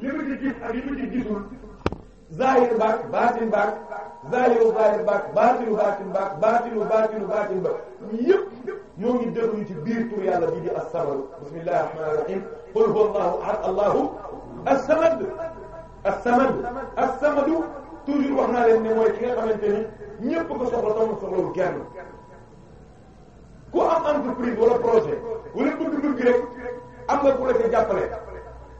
li ma ci gis ak li ma ci gisul zahir baak baatin baak zahiru zahir baak baatinu baatin baak baatinu baatinu baatin baak yëpp ñoo ngi delluñu ci biir tur yàlla bii di as-samad bismillahir rahmanir rahim qul huwa allahu ahad allahu as-samad as-samad as-samad toujours wax naa leen ne mooy ki nga xamante ni ñëpp ko soxla tam soxlawul kenn ku am entreprise wala projet wala bëgg-bëgg rek am nga ku la ci jàppale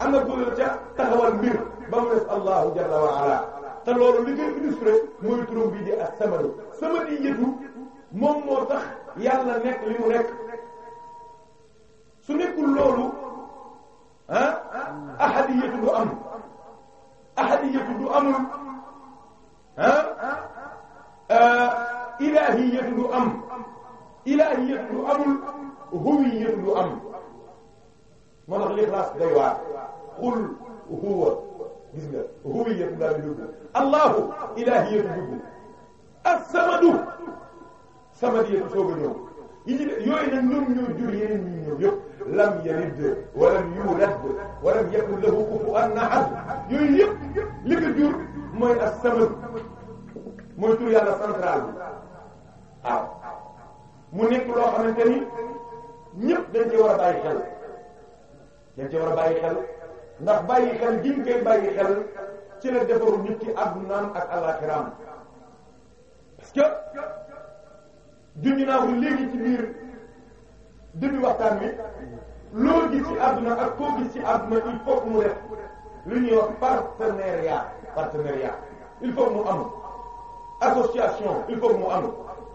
am na kuréel ca taxawal mbir ba mu des allahu jalla wa ala te loolu li ngay illustré mooy turam bi di ak samadu samadi yëtu moom moo tax yàlla nekk li mu nekk su nekkul loolu ah ahadiyatu du am ahadiyatu du amul ah, ah ilahiyatu du am ilahiyatu du amul huwiyatu du am moo tax lixlaas day waar xul huwa gis nga huwa yëpp daal di dugg allahu ilahi yëpp dugg as-samadu samad yëpp soog a ñëw yi ci yooyu nag ñoom ñoo jur yeneen ñi ñëw yëpp lam yalid wa lam yulad wa lam yakun lahu kufuwan ahad yooyu yëpp li ko jur mooy as-samad mooy tur yàlla central bi waaw mu nekk loo xamante ni ñëpp dañ ci war a bàyyi xel dañ ci war a bàyyi xel ndax bàyyi xel gi ñu koy bàyyi xel ci la defaru nit ki addunaam ak alaxiraam parce que junj naa ko léegi ci biir début waxtaan wi loo gis ci àdduna ak koo gis ci àdduna il faut mu def lu ñuy wax partenariat il faut que mu am association il faut mu am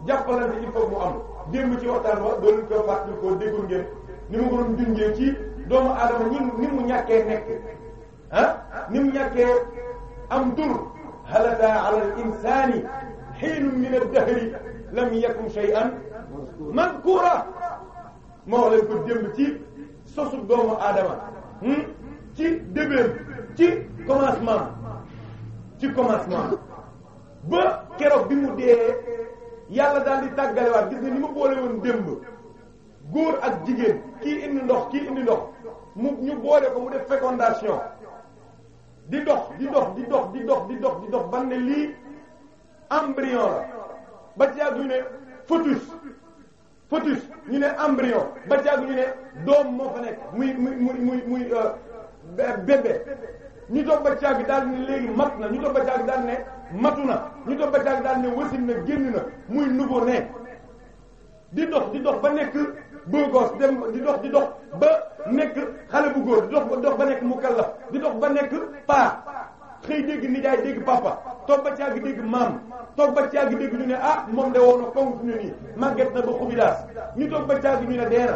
jàppalante il faut que mu am démb ci waxtaan wa doon ko fàttali ko déggoon ngeen ni ma ko doon ci. doomu aadama ñi ni mu ñàkkee nekk ah ni mu ñàkkee am dur halata ala al insani hiinun min ad-dahri lam yakun shay'an mazkura moo leen ko démb ci sosu doomu aadama hmm, ci début ci commencement ci commencement ba keroog bi mu dee yàlla daal di tàggalewaat gis nga ni ma boole woon démb góor ak jigéen kii indi ndox kii indi ndox mu ñu boole ko mu def fécondation di dox di dox di dox di dox di dox di dox ban ne lii embryon la ba ñu ne fœtus fœtus ñu ne embryon ba ci yàgg ñu ne doom moo fa nekk muy muy muy muy euh, bébé ñu toog ba ci yàgg daal ne léegi mat na ñu toog ba ci daal ne matu na ñu toog ba ci daal ne wasin na génn na muy nouveau-né di dox di dox ba nekk beau gosse dem di dox di dox ba nekk xale bu góor di dox ba dox ba nekk mukallaf di dox ba nekk paa xëy dégg nijaay dégg papa toog ba ci yàgg dégg maam toog ba ci yàgg dégg ñu ne ah moom de woon na konk ñu nii màgget na ba xubidaas ñu toog ba ci yàgg ñu ne dee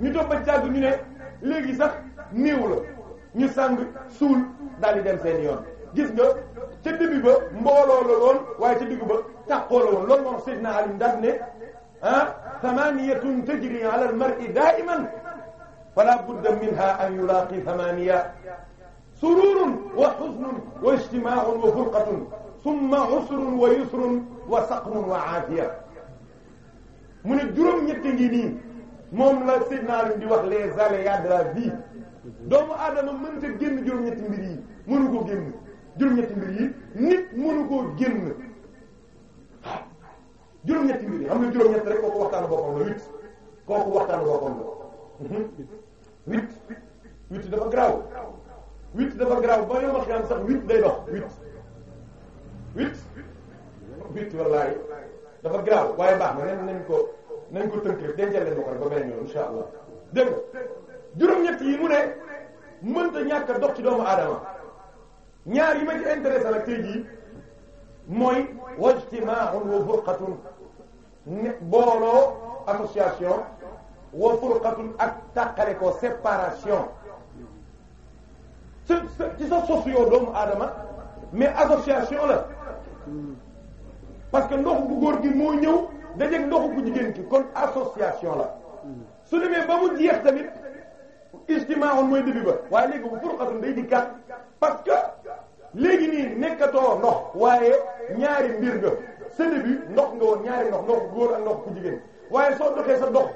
ñu toog ba ci yàgg ñu ne léegi sax néew la ñu sàng suul daal di dem seen yoon gis nga ca début ba mbooloo la woon waaye ca diggu ba taxoo la woon loolu moom Seydina Ali daf ne ثمانية تجري على المرء دائما فلا بد منها أن يلاقي ثمانية سرور وحزن واجتماع وفرقة ثم عسر ويسر وسقم وعافية mu ne juróom ñett ngi nii moom la Seydina Lim di wax les aléas de la vie doomu aadama mënta génn juróom-ñetti mbir yi mënu ko génn juróom-ñetti mbir yi nit mënu koo génn juróom-ñett mbir yi xam nga juróom-ñett rek kooku waxtaanu boppam la huit kooku waxtaanu boppam la mhm. huit huit dafa graw huit dafa graw ba yow ma xam sax huit day dox huit huit huit dafa graw waaye baax na nen nañ ko nañ ko tënkee dencal leen ko rek ba beneen yoon insha allah dégg nga juróom-ñett yi mu ne mënta ñàkk a dox ci doomu aadama ñaar yi ma ci intéressé nag tey jii mooy wajtimaa'un wa furqatun booloo association wa furqatun ak tàqale ko séparation ci ci sa socio doomu aadama mais association la parce que ndoxu bu góor gi moo ñëw dajeeg ndoxu bu jigéen ki kon association la su demee ba mu jeex tamit ijtimaa'un mooy début ba waaye léegi bu furqatun day dikkaat parce que léegi nii nekkatoo ndox waaye ñaari mbir nga sa début ndox nga woon ñaari ndox ndox góor ak ndox ku jigéen waaye soo doxee sa dox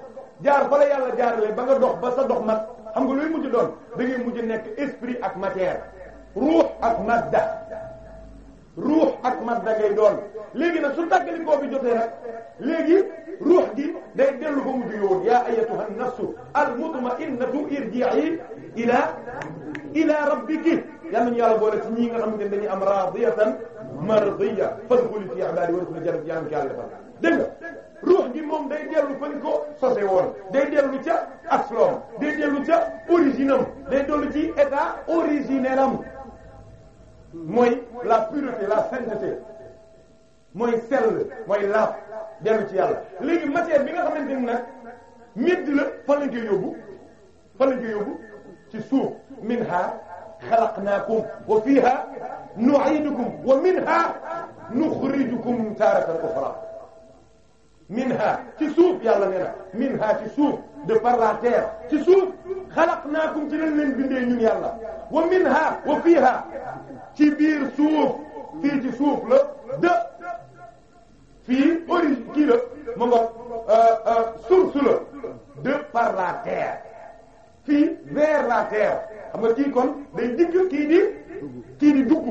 jaar bala yàlla jaarale ba nga dox ba sa dox mat xam nga looy mujj doon da ngay mujj nekk esprit ak matière ruux ak madda ruux ak madda ngay doon léegi nag su koo bi jotee nag léegi ruux gi day dellu ba mujj yoon yaa ayyatuha nafsu al-mutma'innatu irji'i ilaa ilaa rabbiki yal nañu yàlla boole ci ñii nga xamante ne dañuy am radiyatan mardiya fadkhuli fi ibadi wadkhuli jannati yàlla yàlla defal dégg nga ruux gi moom day dellu fañ ko sose woon day dellu ca asloom day dellu ca origine am day dellu ci état originel mooy la pureté la sainteté mooy sell mooy laaf dellu ci yàlla léegi matière bi nga xamante ni nag métti la fan lañ koy yóbbu fan lañ yóbbu ci suuf minha xalaqnaakum wa fiha nu'iidukum wa minha nuxrijukum taaratan uxra minha ci suuf yàlla nee na minha ci suuf de par la terre ci suuf xalaqnaakum ci lañ leen bindee ñun yàlla wa minha wa fiha ci biir suuf fii ci suuf la de fii origine kii la ma nga euh, euh, source la de par la terre fi vers la terre xam kii kon day digg kii di kii di dugg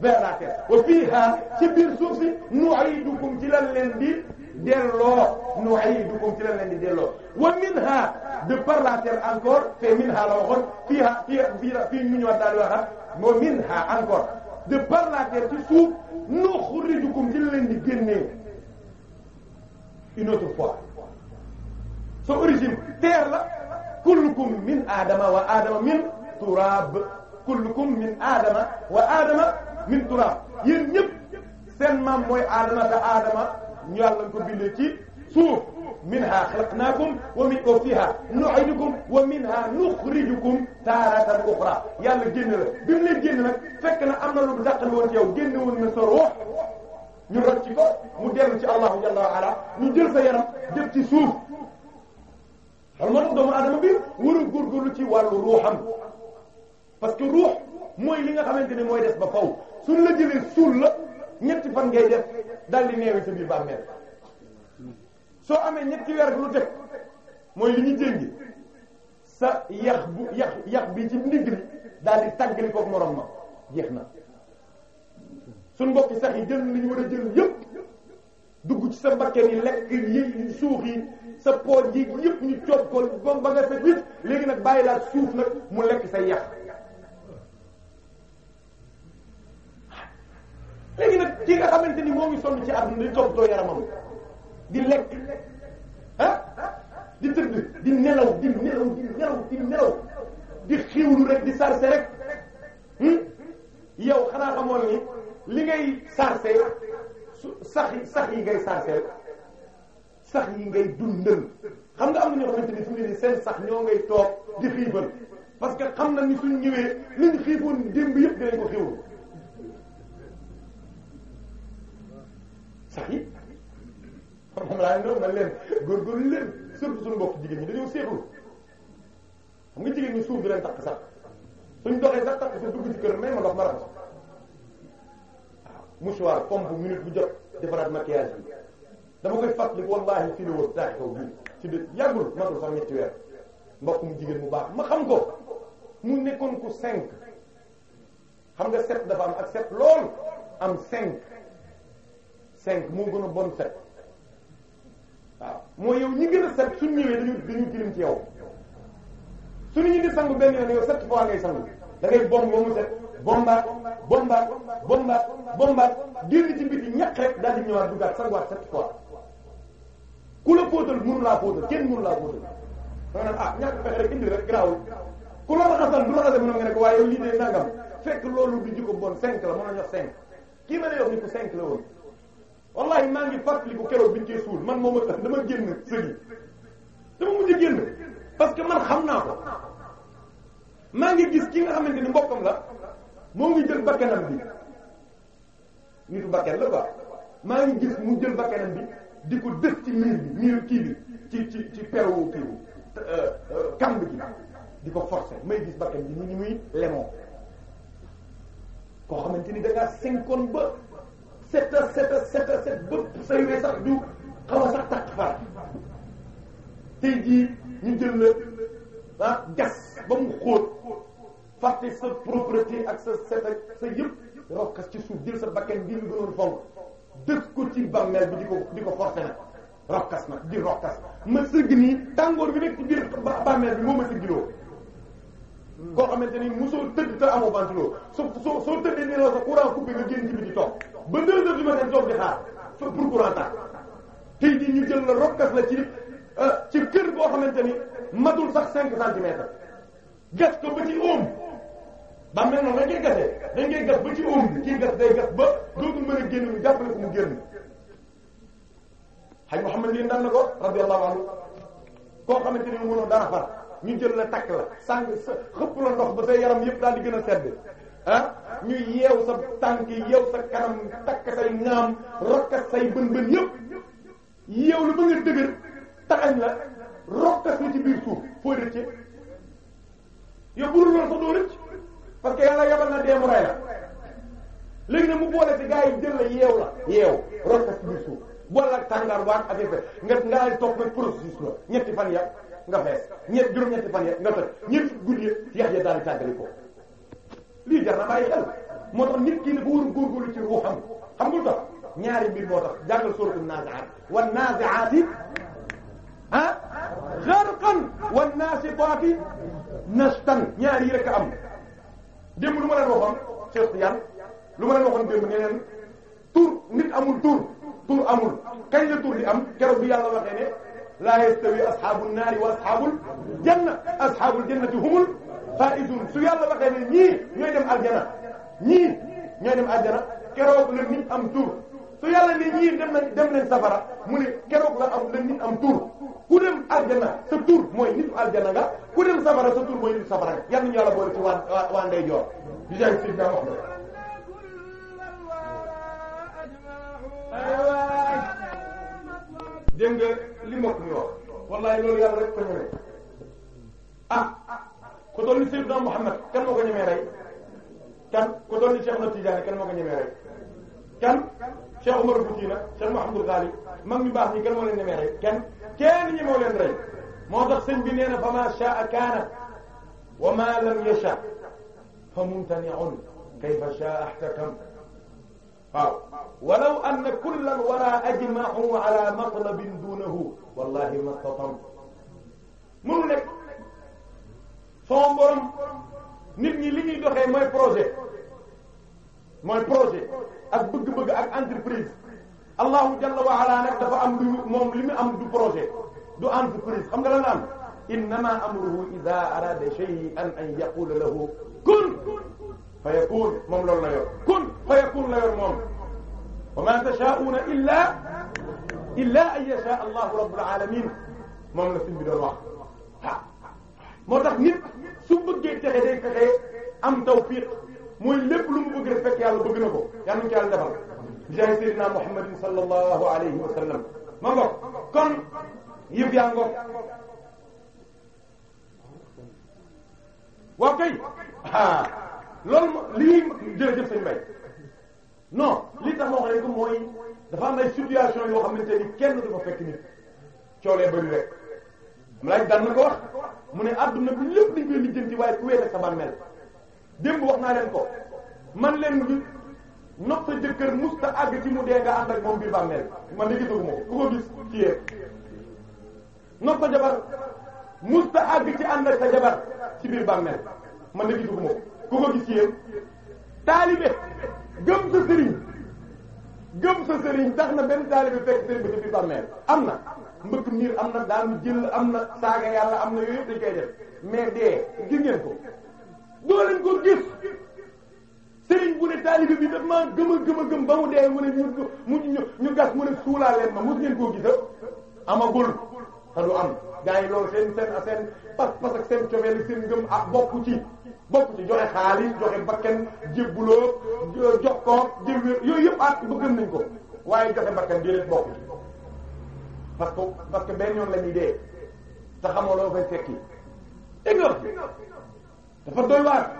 vers la terre wa fiiha ci biir suuf si nu'idukum ci lan leen di delloo nu'idukum ci lan leen di delloo wa minha de par la terre encore te minha la waxoon fiiha fii fii fii ñu daal di waxaat moo minha encore de par la terre ci suuf nuxrijukum ci lan leen di génnee une autre fois sa origine terre la kullukum min aadama wa aadama min turaab kullukum min aadama wa aadama min turaab yéen ñëpp seen maam mooy aadama te aadama ñu Yàlla ko bindee ci suuf minha xalaqnaakum wa min wa fiha nu'idukum wa minha nuxrijukum taaratan uxra yàlla génn la bi mu leen génn nag fekk na am na lu dàqal woon ci yow génn woon na sa ruux ñu rot ci ko mu dellu ci Allahu jalla wa ala ñu jël sa yaram def ci suuf wala moo tax doomu aadama bi war góor góorlu ci wàllu ruuxam parce que ruux mooy li nga xamante ni mooy des ba faw suñ la jëlee suul la ñetti fan ngay def daal di neewe sa biir bàmmeel soo amee ñetti weer lu teg mooy li ñu jéngi sa yax bu yax yax bi ci ndigg li daal di tàggali kook morom ma jeex na suñ mbokki sax yi jël li ñu war a jël yëpp dugg ci sa mbakke ni lekk yi suux yi sa pooj yi yëpp ñu coob ko ba ba nga set wit léegi nag bàyyi laa suuf nag mu lekk say yàq léegi nag ki nga xamante ni moo ngi sonn ci àdduna di toppatoo yaramam di lekk ah di tëdd di nelaw di nelaw di nelaw di nelaw di xiiwlu rek di sarse rek hmm? yow xanaa xamoon ni li ngay sarse sax sax yi ngay sarse sax yi ngay dundal xam nga am na ñoo xamante ni fu seen sax ñoo ngay toog di xiibal parce que xam na ni suñ ñëwee liñ xiiboon démb yëpp dinañ ko xiiwul sax yi xam laa ñoom na leen góorgóorlu leen surtout suñu mbokk jigéen ñi dañoo seexlu xam nga jigéen ñi suuf bi leen takk sax suñ doxee sax takk sa dugg ci kër may ma ndox ma raxas waaw mouchoir pompe minute bu jot defaraat maquillage bi dama koy fàttali wallaahi fii la woon daañu kaw bii ci biir yàggul matul mbokkum jigéen mu baax ma xam ko mu nekkoon ko cinq xam nga sept dafa am ak sept lool am cinq cinq moo gën a bon sept waaw mooy yow ñi gën a sept suñ ñëwee dañu tilim ci yow suñu ñu di sangu benn yoon yow sept fois ngay sangu da ngay bomb ba mu set bombaat bombaat bombaat bombaat génn ci biti ñaq rek daal ñëwaat duggaat sanguwaat sept fois ku la póotal mënu laa póotal kenn mënu laa póotal da nga naan ah ñàkk pexe rek indi rek garaawul ku la raxasal du raxasal mën nga ne ko waaye lii de nangam fekk loolu du jikko bon cinq la mën a ñor cinq kii ma yow ni ko cinq la woon wallahi maa ngi fàttaliku keroog biñ koy suul man moom tax dama génn sëgi dama mujj génn parce que man xam naa ko maa ngi gis ki nga xamante ni mbokkam la moo ngi jël bakkanam bi nitu bakkan la quoi mu jël bakkanam bi di ko dës ci miir bi miir kii bi ci ci ci peru kiiwu euh, kamb euh, gi di ko forcer may gis bakkan bi ni muy lemoo koo xamante ni da ngaa cinquante ba sept a sept a sept a sept bëpp say wee sax du xaw a sax takk far tey jii ñu jël la ah, gas ba mu xóot fàtte sa propreté ak sa set ak sa yëpp rokkas ci suuf jël sa bakkan bii mu gënoon fonk dëkk ko ci bàmmeel bi di ko di ko forcé nag rokkas nag di rokkas ma sëgg nii tàngoor bi nekk ci biir bàmmeel bi moo ma sëggiloo koo xamante ni mosoo tëdd te amoo ventilo soo soo soo tëddee ne la sa courant coupé nga génn ci bi di toog ba deux heures du matin toog di xaar pour courant tax tey jii ñu jël la rokkas la ci euh, ci kër boo xamante ni matul sax cinq centimètres gas ko ba ci oom ba mel noonu dañ koy gasee dañ koy ga ba ci oom um, bi kii gas day gas ba dootul mën a génn mu jàppale ko mu génn xaj Muhammad lii daan na ko radiyallahu anhu koo xamante ni mënoo dara far ñu jël la takk la sàng sa xëpp la ndox ba sa yaram yëpp daal di gën a sedd ah ñu yeew sa tànk yeew sa kanam takk say ñaam rokkas say bën bën yëpp yeew lu ba nga dëgër taxañ la rokkas la ci biir suuf foo rëcce yow burul loolu sa doo rëcc parce que yàlla na dee mu rey la léegi nag mu boole ci gaa yi jël la yeew la yeew rot ko ci biir suuf boole ak tàngaar waan ak effet nga nga lay toog nag processus la ñetti fan ya nga fees ñett juróom-ñetti fan ya nga tëj ñetti guddi yax ya daal di tàggali ko lii jar na xel moo tax nit kii dafa war a góorgóorlu ci ruuxam xam nga tax ñaari mbir moo tax jàngal suratul nazi'at wan nazi'ati ah gharqan wan nasiqati nashtan ñaari yi rek am démb lu ma leen waxoon Cheikh Yan lu ma leen waxoon démb ne leen tur nit amul tur tur amul kañ la tur di am keroog bi yàlla waxee ne la yastawi ashabun naari wa ashabul janna ashabul jannati humul faizun su yàlla waxee ne ñii ñooy dem aljana ñii ñooy dem aljana keroog la nit am tur su yàlla ne ñii dem nañ dem nañ safara mu ne keroog la am la nit am tur ku ko ñemee ah ko moo ko ñemee rey ko doon ni Cheikh na Tidiane kan moo ko ñemee rey Cheikh Umar Fuutiyu Cheikh Mouhamadou Ghali mag ñu baax ñi gën moo leen demee rey kenn kenn ñi moo leen rey moo tax sëñ bi nee na fa ma sha'a kaana wa ma lam yasha fa mumtani'un kayfa sha'a ihtakam waaw walaw anna kullan wara ajma'u ala matlabin dunahu wallahi mastatam mënu nekk son borom nit ñi li ñuy doxee mooy projet mooy projet ak bëgg-bëgg ak entreprise allahu jalla wa ala nag dafa am lu moom li mu am du projet du entreprise xam nga lan la am innama amruhu ida arada shay'an an yaqula lahu kun fa yakun moom loolu la yor kun fa yakun la yor moom wa ma tasha'una illa illa an yasha allahu rabbul alamin moom la suñ bi doon wax waaw moo tax nit su bëggee texe day fexe am tawfiq mooy lépp lu mu bëgg rek fekk yàlla bëgg na ko yàlla nañu ko yàlla defal jaay sayyidina muhammadin sallallahu alayhi wa kon yëf yaa ngoog waaw kay loolu lii jërëjëf sañ mbay non li tax ma mooy dafa am situation yoo xamante ni kenn du ko fekk nit coolee bari rek mu laaj daan na ko mu ne adduna bi lépp dañ koy lijjanti waaye ku wéet ak sa démb wax naa leen ko man leen bi nopp sa jëkkër musta àgg ci mu dee nga ànd ak moom biir bàmmeel man di gisaguma ku ko gis ci yéen nopp sa jabar musta àgg ci ànd ak sa jabar ci biir bàmmeel man di gisaguma ko ku ko gis ci yéen taalibe gëm sa sëriñ gëm sa sëriñ tax na benn taalibe fekk sëriñ ba ci biir bàmmeel am na mbëkk miir am na daanu jël am na saaga yàlla am na yooyu yëpp dañ koy def mais dee gis ngeen ko doo leen ko gis sëriñ bu ne taalibe bi daf maa gëm a gëm a gëm ba mu dee mu ne ñu mu ñu ñu gas mu ne suulaa leen ma mos ngeen koo gis ah? amagul te du am gars yi loolu seen seen seen pas pas ak seen cofeel ak seen ngëm ak ah, bokku ci bokku ci joxe xaalis joxe bakken jébbuloo jox ko jébbuloo yooyu yëpp at ba gëm nañ ko waaye joxe bakken di leen bokku ci parce que parce que benn yoon la ñuy dee te xamoo loo fay fekki. dafa doy waar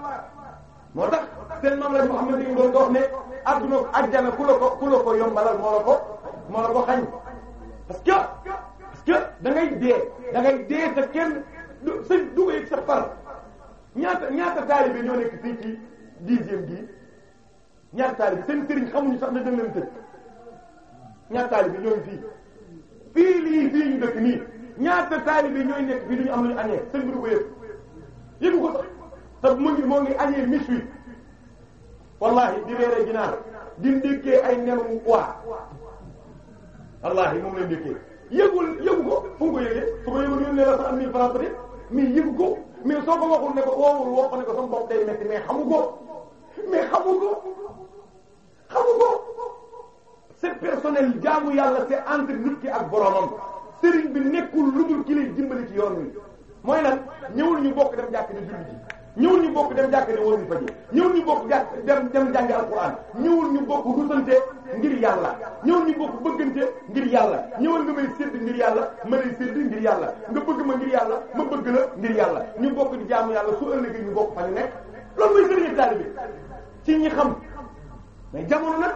moo tax seen maam la Muhammad yi doon dox ne adduna ajjana ku la ko ku ko yombalal moo la ko moo la ko xañ parce que parce que da ngay dee da ngay dee te kenn du sa sa far ñaata ñaata taalibe nekk fii bi ñaata taalibe seen sëriñ xamuñu sax ne dañ leen tëj fii fii fii ñu dëkk nii ñaata taalibe ñooy nekk fii duñu am lu ñu añee seen bi du ko yëg te mu ngi moo ngi añee miswi wallahi di reere ginaar di ndékkee ay nenu waa wallahi moom lay ndékkee yëgul yëgu ko fu nga ko yëgee su ko yëgul yónnee la sa am mille francs peut-être mais yëgu ko mais soo ko waxul ne ko woowul woo ko ne ko sama bopp day metti mais xamu ko mais xamu ko xamu ko c'est personnel jaamu yàlla c'est entre nit ki ak boromam sëriñ bi nekkul lu dul ki lay ci yoon wi mooy lan ñëwul ñu bokk dem jàkk di julli ji ñëwul ñu bokk dem jàkk ne waruñu fa ji ñëwul ñu bokk jàkk dem dem jàngi alquran ñëwul ñu bokk rusante ngir yàlla ñëwul ñu bokk bëggante ngir yàlla ñëwal nga may sédd ngir yàlla ma lay sédd ngir yàlla nga bëgg ma ngir yàlla ma bëgg la ngir yàlla ñu bokk di jaamu yàlla su ëllëgee ñu bokk fa ñu nekk loolu mooy sëriñ taalibe ci ñi xam mais jamono nag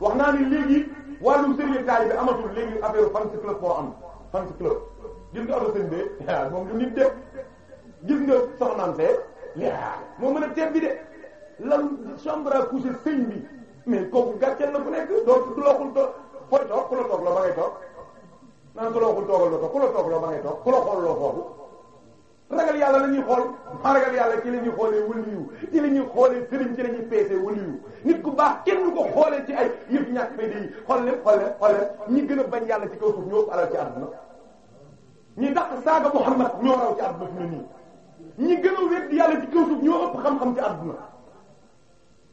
wax naa ni léegi wàllum sëriñ taalibe amatul léegi affaire fan si club moo am fan si club gis nga ado sëñ bee moom du nit de gis nga soxnaam see yaa moo mën a teeb bi de lan chambre à coucher sëñ bi mais kooku gàcceel na ku nekk doo du looxul toog fooy toog ku la toog loo ba ngay toog ku looxul toogal loo toog la toog loo ba ngay toog ku la xool loo foofu ragal yàlla la ñuy xool maa xoolee waliyu ci la ñuy nit ku baax kenn du ko xoolee ci ay yëpp ñàkk fay de yi xool leen xool leen xool leen ñi gën a bañ yàlla ci kaw suuf ñoo ëpp alal ci àdduna ñi daq saaga Muhammad ñoo raw ci àdduna fi ne nii ñi gën a wér yàlla ci kaw suuf ñoo ëpp xam-xam ci àdduna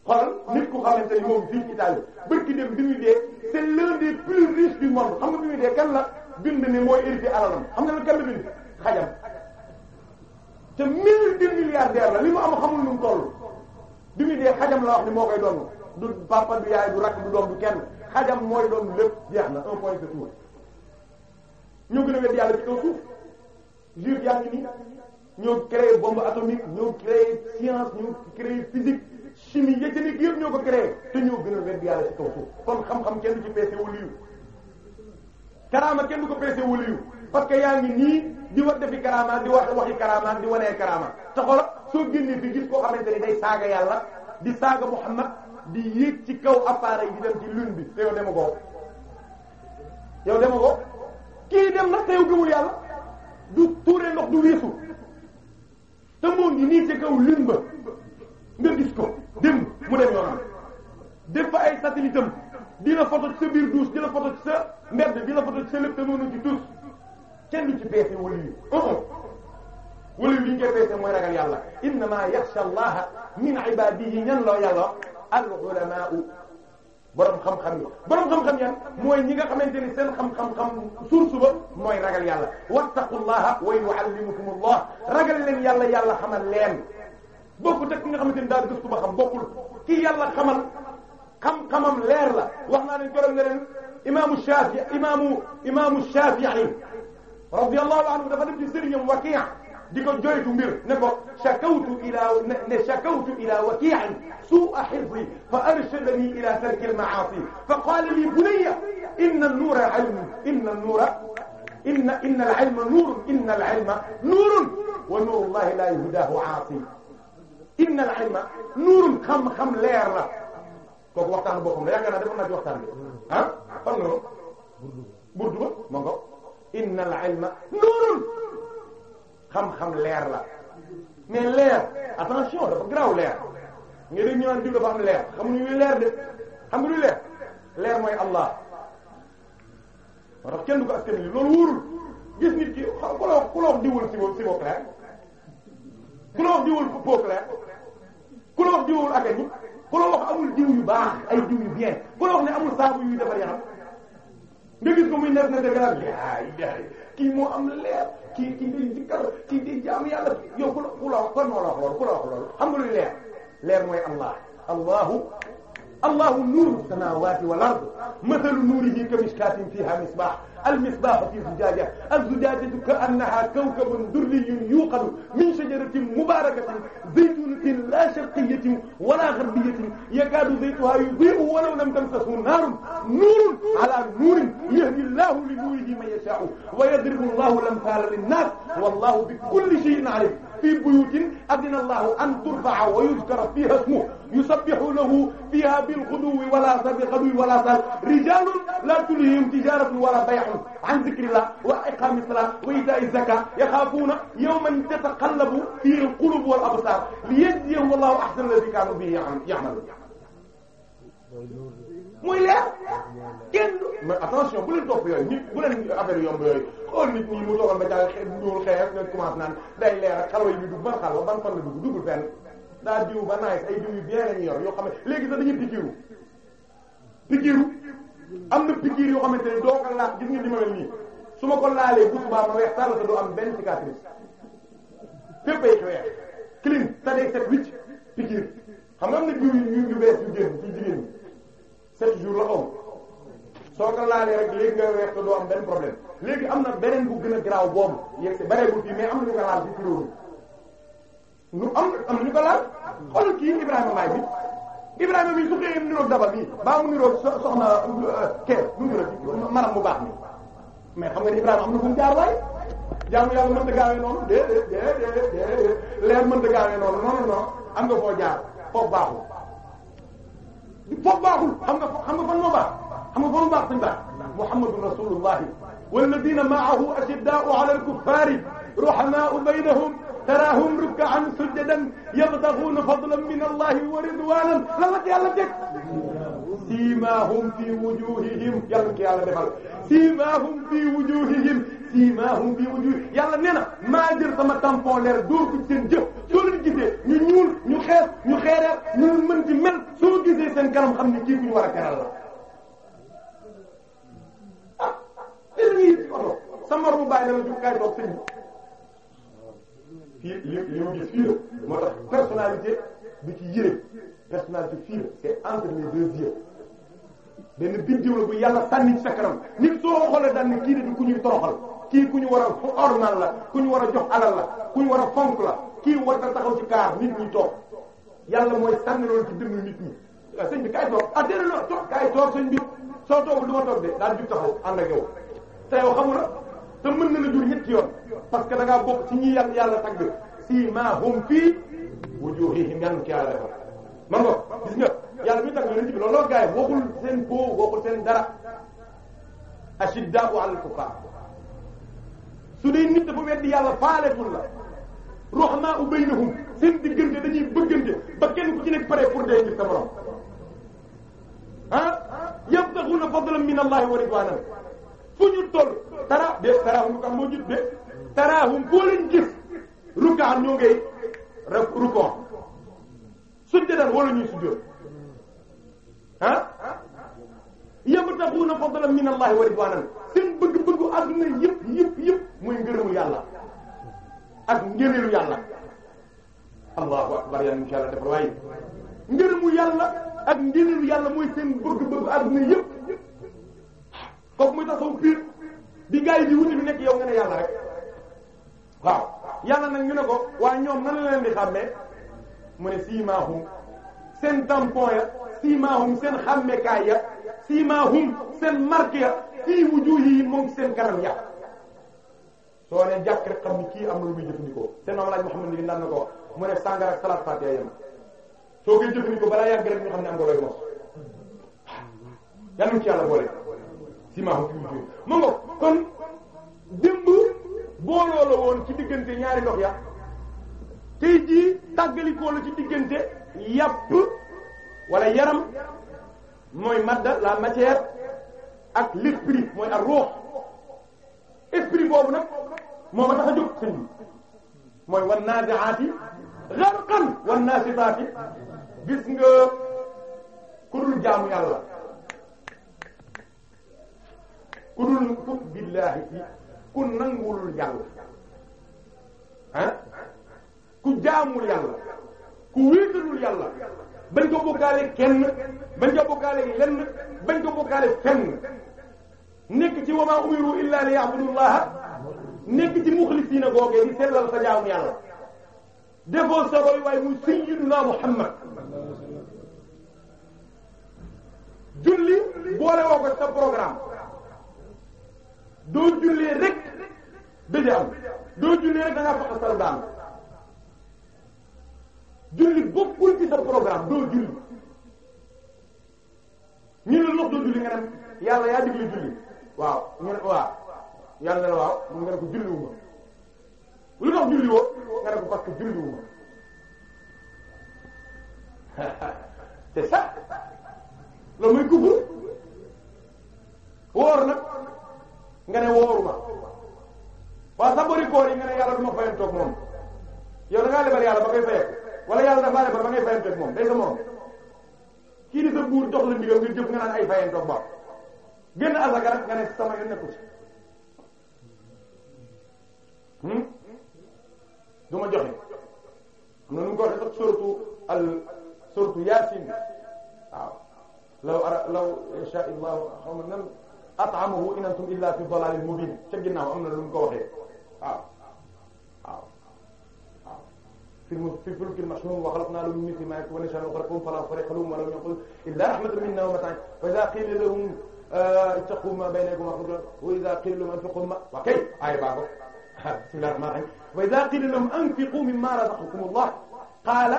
xoolal nit ku xamante ni moom fii Italie bërki dem bi muy dee c'est l'un des plus riches du monde xam nga bi muy dee kan bind ni mooy hérité alalam xam nga la kan la bind xajam te mille de milliardaire la li mu am xamul lu mu toll bi muy dee xajam la wax ni moo koy doon du papa du yaay du rakk du doom du kenn xajam mooy doon lépp jeex na un point de tour ñoo gën a wér yàlla ci kaw suuf jur yaa ñoo créé bombe atomique ñoo créé science ñoo créé physique chimie yëg-yëg yëpp ñoo ko créé te ñoo gën a wedd yàlla ci kaw suuf kon xam-xam kenn du ci peese waliyu karaama kenn du ko peese waliyu parce que yaa ngi nii di war defi karaama di wax waxi karaama di wanee karaama te xoolal soo génnee fi gis koo xamante ni day saaga yàlla di saaga Muhammad di yéeg ci kaw appareil di dem ci lune bi te yow de ko ko amoon ñu nii ca kaw ba nga gis ko démb mu dem yoonam def fa ay satellite am di la photo ci sa di la photo ci sa mbedd di la photo ci sa lépp te mënu ci tous kenn du ci peese wala yu un wala yu li ñu koy peese mooy ragal yàlla innama yaxsha allaha min ibadihi ñan loo yàlla al ulama borom xam-xam yi borom xam-xam yan mooy ñi nga xamante ni sen xam-xam-xam source ba mooy ragal yàlla wattaqullaha wa yuallimukumullah ragal leen yàlla yàlla xamal leen bokkul ak ki nga xamante ni daal gëstu ba xam bokkul ki yàlla xamal xam-xamam leer la wax naa leen keroog ne leen imaamu Shaafi imaamu imaamu Shaafi'i radiyallahu anhu dafa dem ci sëriñam Waki' di ko joytu mbir ne ko shakawtu ila ne shakawtu ila waki'in su'a hifzi fa arshadani ila tarki al-ma'asi fa qala li bunayya inna an-nura 'ilmun inna an-nura inna inna al-'ilma nurun inna al-'ilma nurun wa nuru Allahi la yuhdahu 'asi inna al-'ilma nurun xam-xam leer la kooku waxtaan boppam la yaakaar naa dafa naa ci waxtaan bi ah fan nga burdu ba ma ko inna al-'ilma nurun xam-xam leer la mais leer attention dafa graw leer nga dégg ñu naan diw dafa am leer xamuñu luy leer de xam nga luy leer leer mooy Allah moo tax kenn du ko askan wi loolu wóorul gis nit ki ku la ku la wax diwul si moom si ku la wax diwul foo clair ku la wax diwul ak ñu ku la amul diw yu baax ay diw yu bien ku la wax ne amul saabu yuy defar yaram nga gis ko muy nekk na dëgg la kii moo am la leer kii kii day dikkal kii day jaamu yàlla yow ku la ku la kon moo la wax loolu ku la wax loolu xam nga luy leer leer mooy allah allahu allahu nuuru samaawaati wal ard mathalu nuurihi kamishkaatin fiihaa misbaah المصباح في زجاجة الزجاجة كأنها كوكب دري يوقد من شجرة مباركة زيتونة لا شرقية ولا غربية يكاد زيتها يضيء ولو لم تمسسه نار نور على نور يهدي الله لنوره من يشاء ويضرب الله الأمثال للناس والله بكل شيء عليم fii buyutin adina allahu an turfa'a wa yuzkara fiha ismuhu yusabbihu lahu fiha bil ghuduwwi wala bil wala sal rijalun la tulhihim tijaratun wala bay'un an dhikrillah wa iqamis salah wa ita'iz zakah yakhafuna yawman tataqallabu fihi al qulub wal absar liyajziyahum allahu ahsana alladhi kanu bihi ya'malun mooy leer kenn mais attention bu leen topp yooyu nit bu leen affaire yomb yooyu xool nit ñi mu toogal ba jàng xe ñuul xeer nga commencé naan day leer ak xalwa yi ñu dugg ban fan la dugg duggul fenn daa diw ba naaj ay diw yu bien lañu yor yoo xam ne léegi sax dañuy pikiru pikiru am na pikiir yoo xamante ne doo ko laaj gis ni li ma nii su ma ko laalee bu subaa ma weex tàll te du am benn cicatrice fépp ay xeer clean cest à set wicc pikiir xam nga am na diw yu yu bees yu génn ci sept jours la om soo ko laalee rek léegi nga doo am benn problème léegi am na beneen bu gën a garaaw boobu yegg si bareegul fii mais am na ñu ko laal bi kilóolu ñu am am na ñu ko laal xool kii Ibrahima maay bi Ibrahima bi su xëyee mu niroog daba bi baa mu niroog soxna euh, kee mu niroog bu baax ni mais xam nga ni Ibrahima am na fu mu jaar waaye jaamu yàlla mënta gaawee noonu déedéet déedéet leer mënta gaawee noonu non non am nga foo jaar foofu baaxu foofu baaxul xam nga xam nga fan moo baax xam nga fan baax suñu baax muhammadun rasulullahi walladina maahu ashiddaau ala alkuffari ruhamaau baynahum taraahum rukkaan sujjadan yabtaguuna fadlan min allahi wa ridwanan lan la yàlla teg siimaahum fii wujuuhihim yàlla ko yàlla defal siimaahum fii wujuuhihim siimaahum fii wujuuhihim yàlla nee na maa jël sama tampon leer dóor ko ci seen jëf soo leen gisee ñu ñuul ñu xees ñu xeereer ñu mën ci mel soo gisee seen kanam xam ne kii ñu war a la ah léegi nag sama robu bàyyi na la jukkaay doog sëñ fii li li mu gis fii la moo tax personnalité bi ci yére personnalité fii c'est entre les deux yeux benn biddiw la bu yàlla sànni ci sa kanam nit soo xoolee daan ne kii de du ku ñuy toroxal kii ku ñu war a ornal la ku ñu war a jox alal la ku ñu war a fonk la kii war a taxaw ci kaar nit ñi toog yàlla mooy sànni loolu ci dënnu nit ñi. waaw ah, sëñ bi kaay toog ah déedéet loo toog kaay toog sëñ bi soo toogul du ma toog de daal jub taxaw ànd ak yow te yow xamul la te mën na la jur ñetti yoon parce que da ngaa bokk ci ñi yàlla yàlla tagg simaahum fii wujuuhihim yàlla na ko yàlla defal man ko gis nga yàlla mi tàgg yonent bi loolu la gaay waxul seen boo waxul seen dara ashiddaa'u 'alal kuffaar su dee nit dafa weddi yàlla faaletul la ruhamaa'u baynahum seen diggante dañuy bëggante ba kenn ku ci nekk pare pour dee ngir sa borom ah yabtaghuna fadlan min allahi wa ridwanan fu ñu toll tara de taraahum kam moo jut de taraahum boo leen gis rukkaan ñoo ngay sujjadan wala ñuy sujjoon ah yabtaghuna fadlan min allahi wa ridwanan seen bëgg-bëggu adduna yëpp yëpp yëpp muy ngërëmu yàlla ak ngëneelu yàlla allahu akbar yàlla mooy seen bëgg-bëggu adduna yëpp kooku muy taxaw piir di gaa di wuti bi nekk yow nga ne rek waaw yàlla nag ñu ne ko waaye ñoom nan leen di xàmmee mu ne siimaahum seen tampon ya siimaahum seen xàmmekaay ya siimaahum seen marque ya fii wujuuhihim moom seen kanam ya soo ne jàkk xam ni kii am na lu muy jëfandikoo te noonu laaj Muhammad ni daan na ko wax mu ne sàngara ak yem soo koy jëfandikoo balaa yàgg rek ñu xam ne am nga looy mos yàlla ci yàlla boole siimaahum fii wujuuhihim mu ngo kon démb booloo la ci diggante ñaari ndox ya tey jii tàggalikoo diggante yàpp wala yaram mooy madda la matière ak l'esprit mooy ak ruux esprit boobu nag moo ma tax a jóg sëñ bi mooy wan nazi'aati gharqan wan naasitaati gis nga ku dul jaamu yàlla ku dul ku billaahi ku nanguwul yàlla ah ku jaamul yàlla ku wéetalul yàlla bañ ko bokkaale kenn bañ ko bokkaale lenn bañ ko bokkaale fenn nekk ci wa maa umiru illa liya'budullaha nekk ci muxlisiina googee di sellal sa jaamu yàlla defoo sa roy waaye muy sayyiduna Muhammad julli boole ko sa programme doo jullee rek dëjaaw doo jullee rek da ngaa faqa daan julli bokkul ci sa programme doo julli ñu ne lox doo julli nga dem yaa digle julli waaw ñu waaw yàlla ne waaw mun lu tax julli woo nga ne ko parce que julliwuma c'est loolu mooy kufur woor nag nga ne wooruma waa sabori koor yi nga ne yàlla du ma fayantoog moom yow da ngaa lebal yàlla ba koy fayako wala yàlla dafa laa defar ba ngay fayante ak moom day sa morom kii di sa buur dox la ndigal nga jëf nga naan ay fayante ak baax génn asaka rek nga ne sama yoon nekku ci hmm? du ma joxe am na nu mu ko waxee sax surtout al surtout yaasin waaw law ara law insha allah xaw ma nan at'amahu in antum illa fi dalalin mubin ca ginnaaw am na lu mu ko waxee waaw في الفلك المشحون وخلقنا لهم من مثل ما يكون ونشأ نغرقهم فلا صريخ لهم ولم ينقذ إلا رحمة منا ومتاع فإذا قيل لهم اتقوا ما بينكم وحجر وإذا قيل لهم أنفقوا ما وكيف آية بعض بسم الله الرحمن الرحيم وإذا قيل لهم أنفقوا مما رزقكم الله قال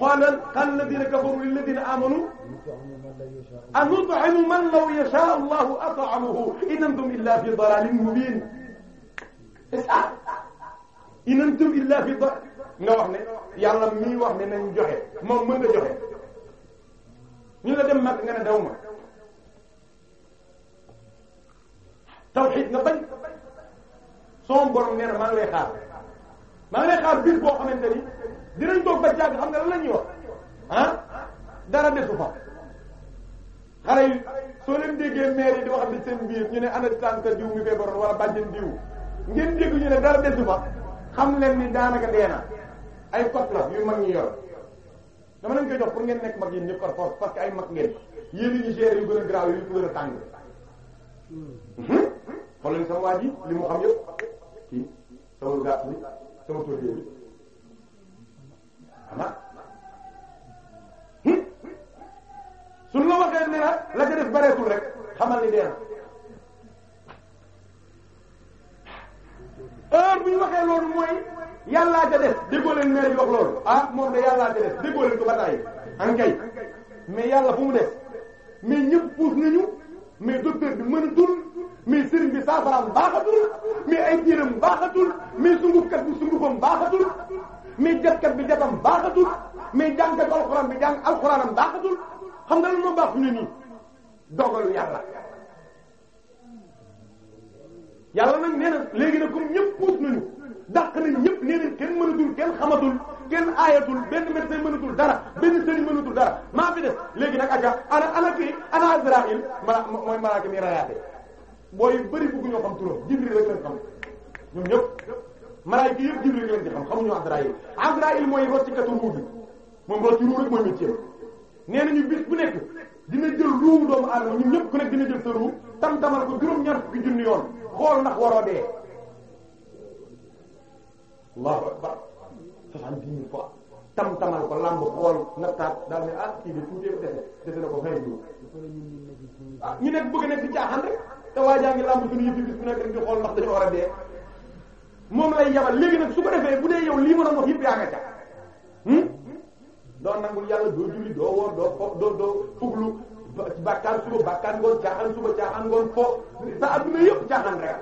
قال قال الذين كفروا للذين آمنوا أن نطعم من لو يشاء الله أطعمه إن أنتم إلا في ضلال مبين اسأل in antum illa fi dar nga wax ne yàlla mii wax ne nañ joxe moom mën nga joxe ñun la dem mag nga ne daw ma tawxiid nga bañ son borom nee na maa ngi lay xaar maa ngi lay xaar bis boo xamante ni dinañ toog ba jàgg xam nga la ñuy wax ah dara desu fa xale yi soo leen déggee maire yi di wax bi seen biir ñu ne ana tànta diw mi koy borom wala bàjjen diw ngeen dégg ñu ne dara desu fa xam leen ni daanaka dee na ay kot la yu mag ñi yor dama nañ koy jox pour ngeen nekk mag yéen ñëpp par force parce que ay mag ngeen yéen ñi gérer yu gën a graaw yu gën a tàng. Hmm. xoolal sama waa ji li mu xam yëpp kii sama gàtt bi sama tur hmm. la waxee def bareetul rek xamal ni dee na. heure bu ñu waxee loolu mooy yàllaa ca des déggoo leen maire yi wax loolu ah moom de yàllaa ca des déggoo leen ko ba tàyyi ankay mais yàlla fu mu def mais ñëpp puus nañu mais docteur bi mënatul mais sëriñ bi saafaraam baaxatul mais ay jiiram baaxatul mais sungufkat bi sungufam baaxatul mais jatkat bi jatam baaxatul mais jàngkat bi alxuraan bi jàng alxuraanam baaxatul xam nga lan moo baax fu ne nii dogalu yàlla yàlla nag nee na léegi nag comme ñëpp puus nañu dàq nañ ñëpp nee nañ kenn mënatul kenn xamatul kenn aayatul benn médecin mënatul dara benn sëriñ mënatul dara maa léegi nag aca ana ana kii ana Azraïl mala mooy bëri bëgg ñoo xam turam Jibril rek lañ xam ñoom ñëpp malaaka yëpp Jibril rek lañ xamuñu Azraïl Azraïl mooy roccikatu ruu bi moom rocci ruu rek mooy métier nee bu nekk dina jël ruu doomu aadama ñun ñëpp ku nekk dina jël sa ruu tam tamal ko juróom-ñaar fukki junni yoon xool ndax waroo dee allahu akbar soixante dix mille fois tam tamal ko lamb xool daal ne ah kii bi tuuti dese dese na ko vingt jours ah ñu nekk bëgg nekk ta caaxaan ngi lamb suñu yëpp bis bu nekk rek di xool ndax dañu war a dee moom lay yabal léegi nag su ko defee bu dee yow lii mën a wax yëpp yaa nga ca hmm? doo nangul yàlla doo julli doo doo doo bàkkaar suba bàkkaar ngoon caaxaan suba caaxaan ngoon fo sa adduna yëpp caaxaan rek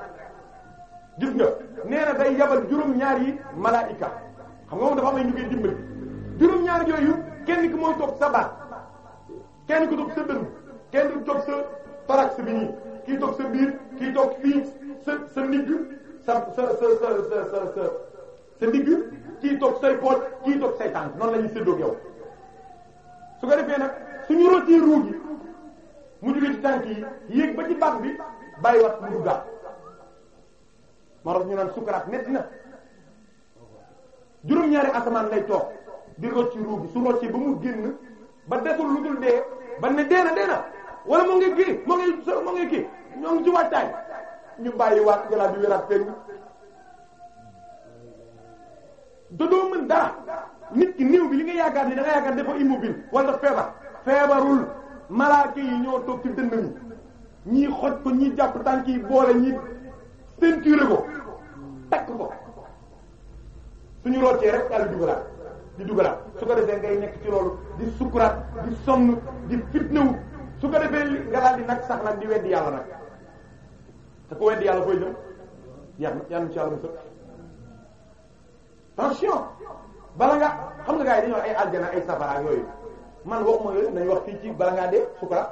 gis nga nee na day yabal juróom-ñaar yi malaayika xam nga moom dafa am ay ñu koy dimbali juróom-ñaar yooyu kenn ki mooy toog sa baat kenn ku toog sa dënn kenn ku toog sa thorax bi nii kii toog sa biir kii toog fii sa sa ndigg sa sa sa sa sa sa sa ndigg kii toog say poot kii toog say tànk noonu la ñuy séddoo yow su ko defee nag suñu roti ruugi mu jógee ci tànk yi yéeg ba ci baat bi bàyyiwaat mu duggaat moo ñu naan sukuraat métti na juróom-ñaari asamaan lay toog di rocc ruugi su roccee ba mu génn ba desul lu dul dee ba ne dee na dee wala moo ngi kii moo ngi moo ngi kii ñoo ci waajtaay ñu bàyyiwaat gannaaw bi wéraat feeñ. dodoo mën dara nit ki néew bi li nga yaakaar ni da nga yaakaar dafa immobile wala feebar feebarul. malaaka yi ñoo toog ci dënn bi ñii xoj ko ñii jàpp tànk yi boole ñii ceinture ko takk ko suñu roccee rek daal di dugalaat di dugalaat su ko defee ngay nekk ci loolu di sukkuraat di sonn di fitnewu su ko defee nga daal nag sax nag di weddi yàlla nag te ko weddi yàlla fooy jëm yàlla yàlla ci yàlla mos a. attention bala nga xam nga gars yi dañoo ay aljana ay safara ak yooyu. man waxuma yooyu nañ wax fii ci bala ngaa dee sukuraat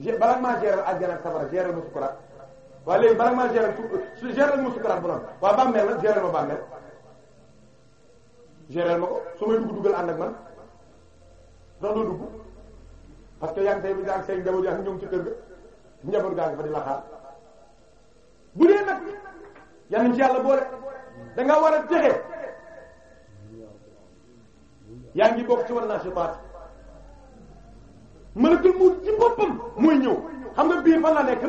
gé maa gérer àjjana ak safara gérer ma sukuraat waaye léegi bala maa gérer su bu noonu waaw bàmmeel la gérer ma bàmmeel gérer ma ko su may dugg duggal ànd ak man ndax doo dugg que yaa ngi say bi yaa ngi say yaa ngi ñëw ci kër ga njaboot gaa ngi fa di la xaar bu dee nag yal ci yàlla boole da war a texe yaa ngi bokk ci wàllu naaj mën malakul mawt ci boppam mooy ñëw xam nga biir fan la nekk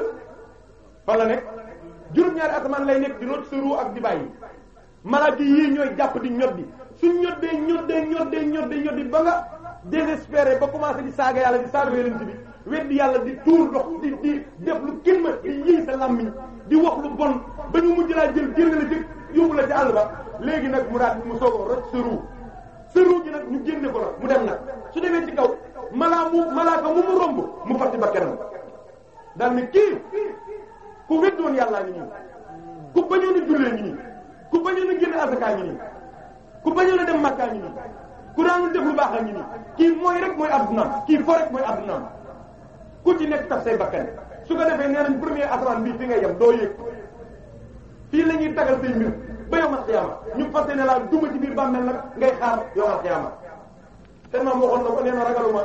fan la nekk juróom-ñaari asamaan lay nekk di noot sa ruu ak di bàyyi malaaka yii ñooy jàpp di ñoddi su ñoddee ñoddee ñoddee ñoddee ñoddi ba nga désespéré ba commencé di saaga yàlla di saaga yonent bi weddi yàlla di tuur ndox di di def lu kilma di yëy sa làmmiñ di wax lu bon ba ñu mujj laa jël génn la ci yóbbu la ci àll ba léegi nag mu daal mu soog a sa ruu sa ruu gi nag ñu génne ko nag mu dem nag su demee ci kaw malaa mu malaaka mu mu romb mu fatti bakkanam daal ni kii ku weddoon yàllaa ngi nii ku bañoon a jullee ngi nii ku bañoon a génn asakaa ngi nii ku bañoon dem def lu baax la ngi nii kii mooy rek mooy adduna kii fo rek mooy adduna ku ci nekk tax say bakkan su ko defee nee nañ premier asamaan bii fi ngay yem doo yëg fii la ñuy tagal say mbir ba yawmal xiyaama ñu fas yéene laa duma ci biir bàmmeel nag ngay xaar yawmal xiyaama te maam waxoon na ko nee na ragaluma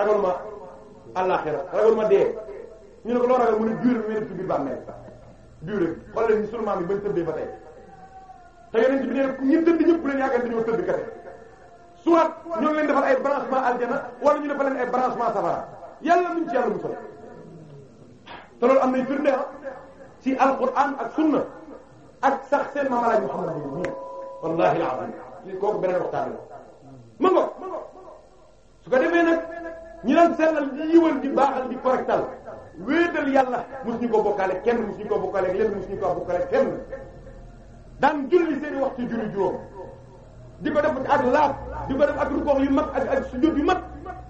ragaluma àllaxira ragaluma dee ñu ne ko loo ragal mu ne bi wéeru ci biir bàmmeel durer xool leen sunu maam yi bañ tëddee ba tey te yeneen ci bi neen ñi tëdd ñëpp bu leen yaakaar dañoo tëdd kate soit ay branchement aljana wala ñu defal leen ay branchement safara yàlla muñ ci yàlla mu sol te loolu am nay firnde ah. ci alquran ak sunna ak sax seen maam Alaaji Muhammad bi wallahi alazim kooku beneen waxtaan la ma nga su ko defee nag ñi leen sellal di yiwal di baaxal di korrektal wéetal yàlla mus ñu ko bokkaale kenn mus ñu ko bokkaale lenn mus ñu ko bokkaale kenn daan julli seeni waxtu julli juróom di ko def ak laab di ko def ak rukkoox yu mag ak ak sujjóot yu mag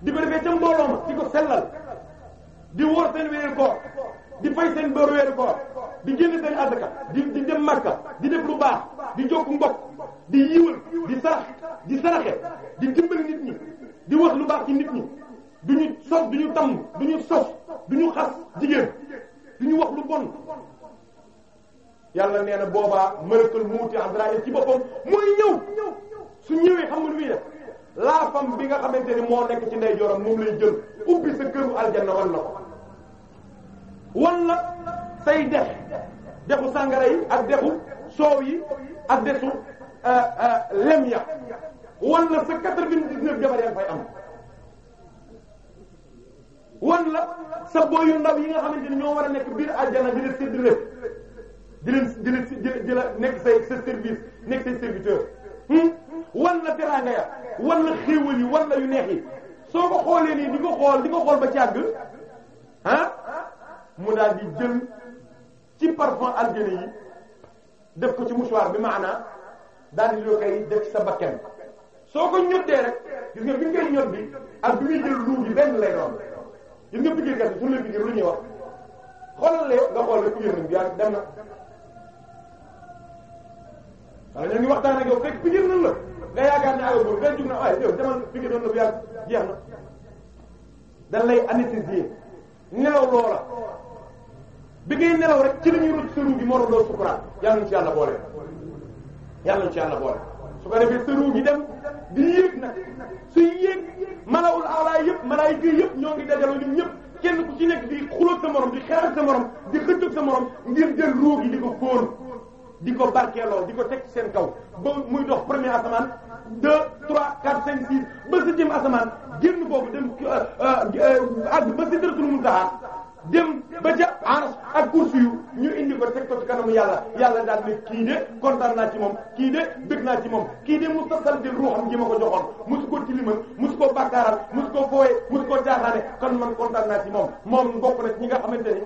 di ko defee ca mbooloo ma di ko sellal di wóor seen weeru koor di fay seen bor weeru di génn seen azaka di di dem Makka di def lu baax di jokk mbokk di yiwal di sarax di saraxe di dimbali nit ñi di wax lu baax ci nit ñi du ñu sos du ñu tàmm du ñu sos du ñu xas jigéen du ñu wax lu bon yàlla nee na boobaa malakul mawti Azraayil ci boppam mooy ñëw su ñëwee xam nga lu muy def laafam bi nga xamante ni moo nekk ci ndeyjooram moom lay jël këru aljanna wan na ko wan na say dex dexu sàngara yi ak dexu soow yi ak dexu euh, euh, lem ya wan na sa quatre-vingt-dix-neuf jabar yaa fay am wan sa boy ndaw yi nga xamante ni ñoo war a nekk biir aljana di la sédd lépp di leen di leen di la nekk say sa service nekk say serviteur hmm? wan la ya wan xéewal yi wan la yu neex yi soo ko xoolee nii di ko xool di ko xool ba càgg ah mu daal di jël ci parfum aljana yi def ko ci mouchoir bi maana daal di loo koy def sa bakkan soo ko ñoddee rek gis nga bi ngay ñod bi ak bi ngay jël luub yi benn lay doon gis nga pikirkat bi suñu la pikir lu ñuy wax xoolal nga xool la pikir nañ bi yaa dem na wala ñu ngi waxtaan ak yow fekk pikir nañ la nga yaakaar ne alal boobu day jug na waaye yow demal fi nga doon la bu yàgg jeex na dañ lay anesthésier nelaw loola bi ngay nelaw rek ci la ñuy rëcc sëru gi moo doon loolu sukuraat yàlla nañ ci yàlla boole yàlla nañ ci yàlla boole su ko defee sëru di yéeg yëpp ñoo ngi dajaloo ñun ñëpp kenn ku ci nekk di xuloog sa morom di xeeral sa morom di xëccoog sa morom ngir jël ruug di ko fóon di ko barkeeloo di ko teg seen kaw ba muy dox premier asamaan deux trois quatre cinq six ba sa jëm asamaan génn boobu dem ak euh, euh, ba sidratul muntaha dem ba ca arsh ak kursi yu ñu indi ko teg ko ci kanamu yàlla yàlla daal ne kii de kontaan ci moom kii de bëgg naa ci moom kii de mu sasal de ruuxam ji ma ko joxoon musu ko tilimal musu ko bakkaaral musu ko fooye musu ko jaaxaane kon man kontaan naa ci moom moom bokk na ci ñi nga xamante ni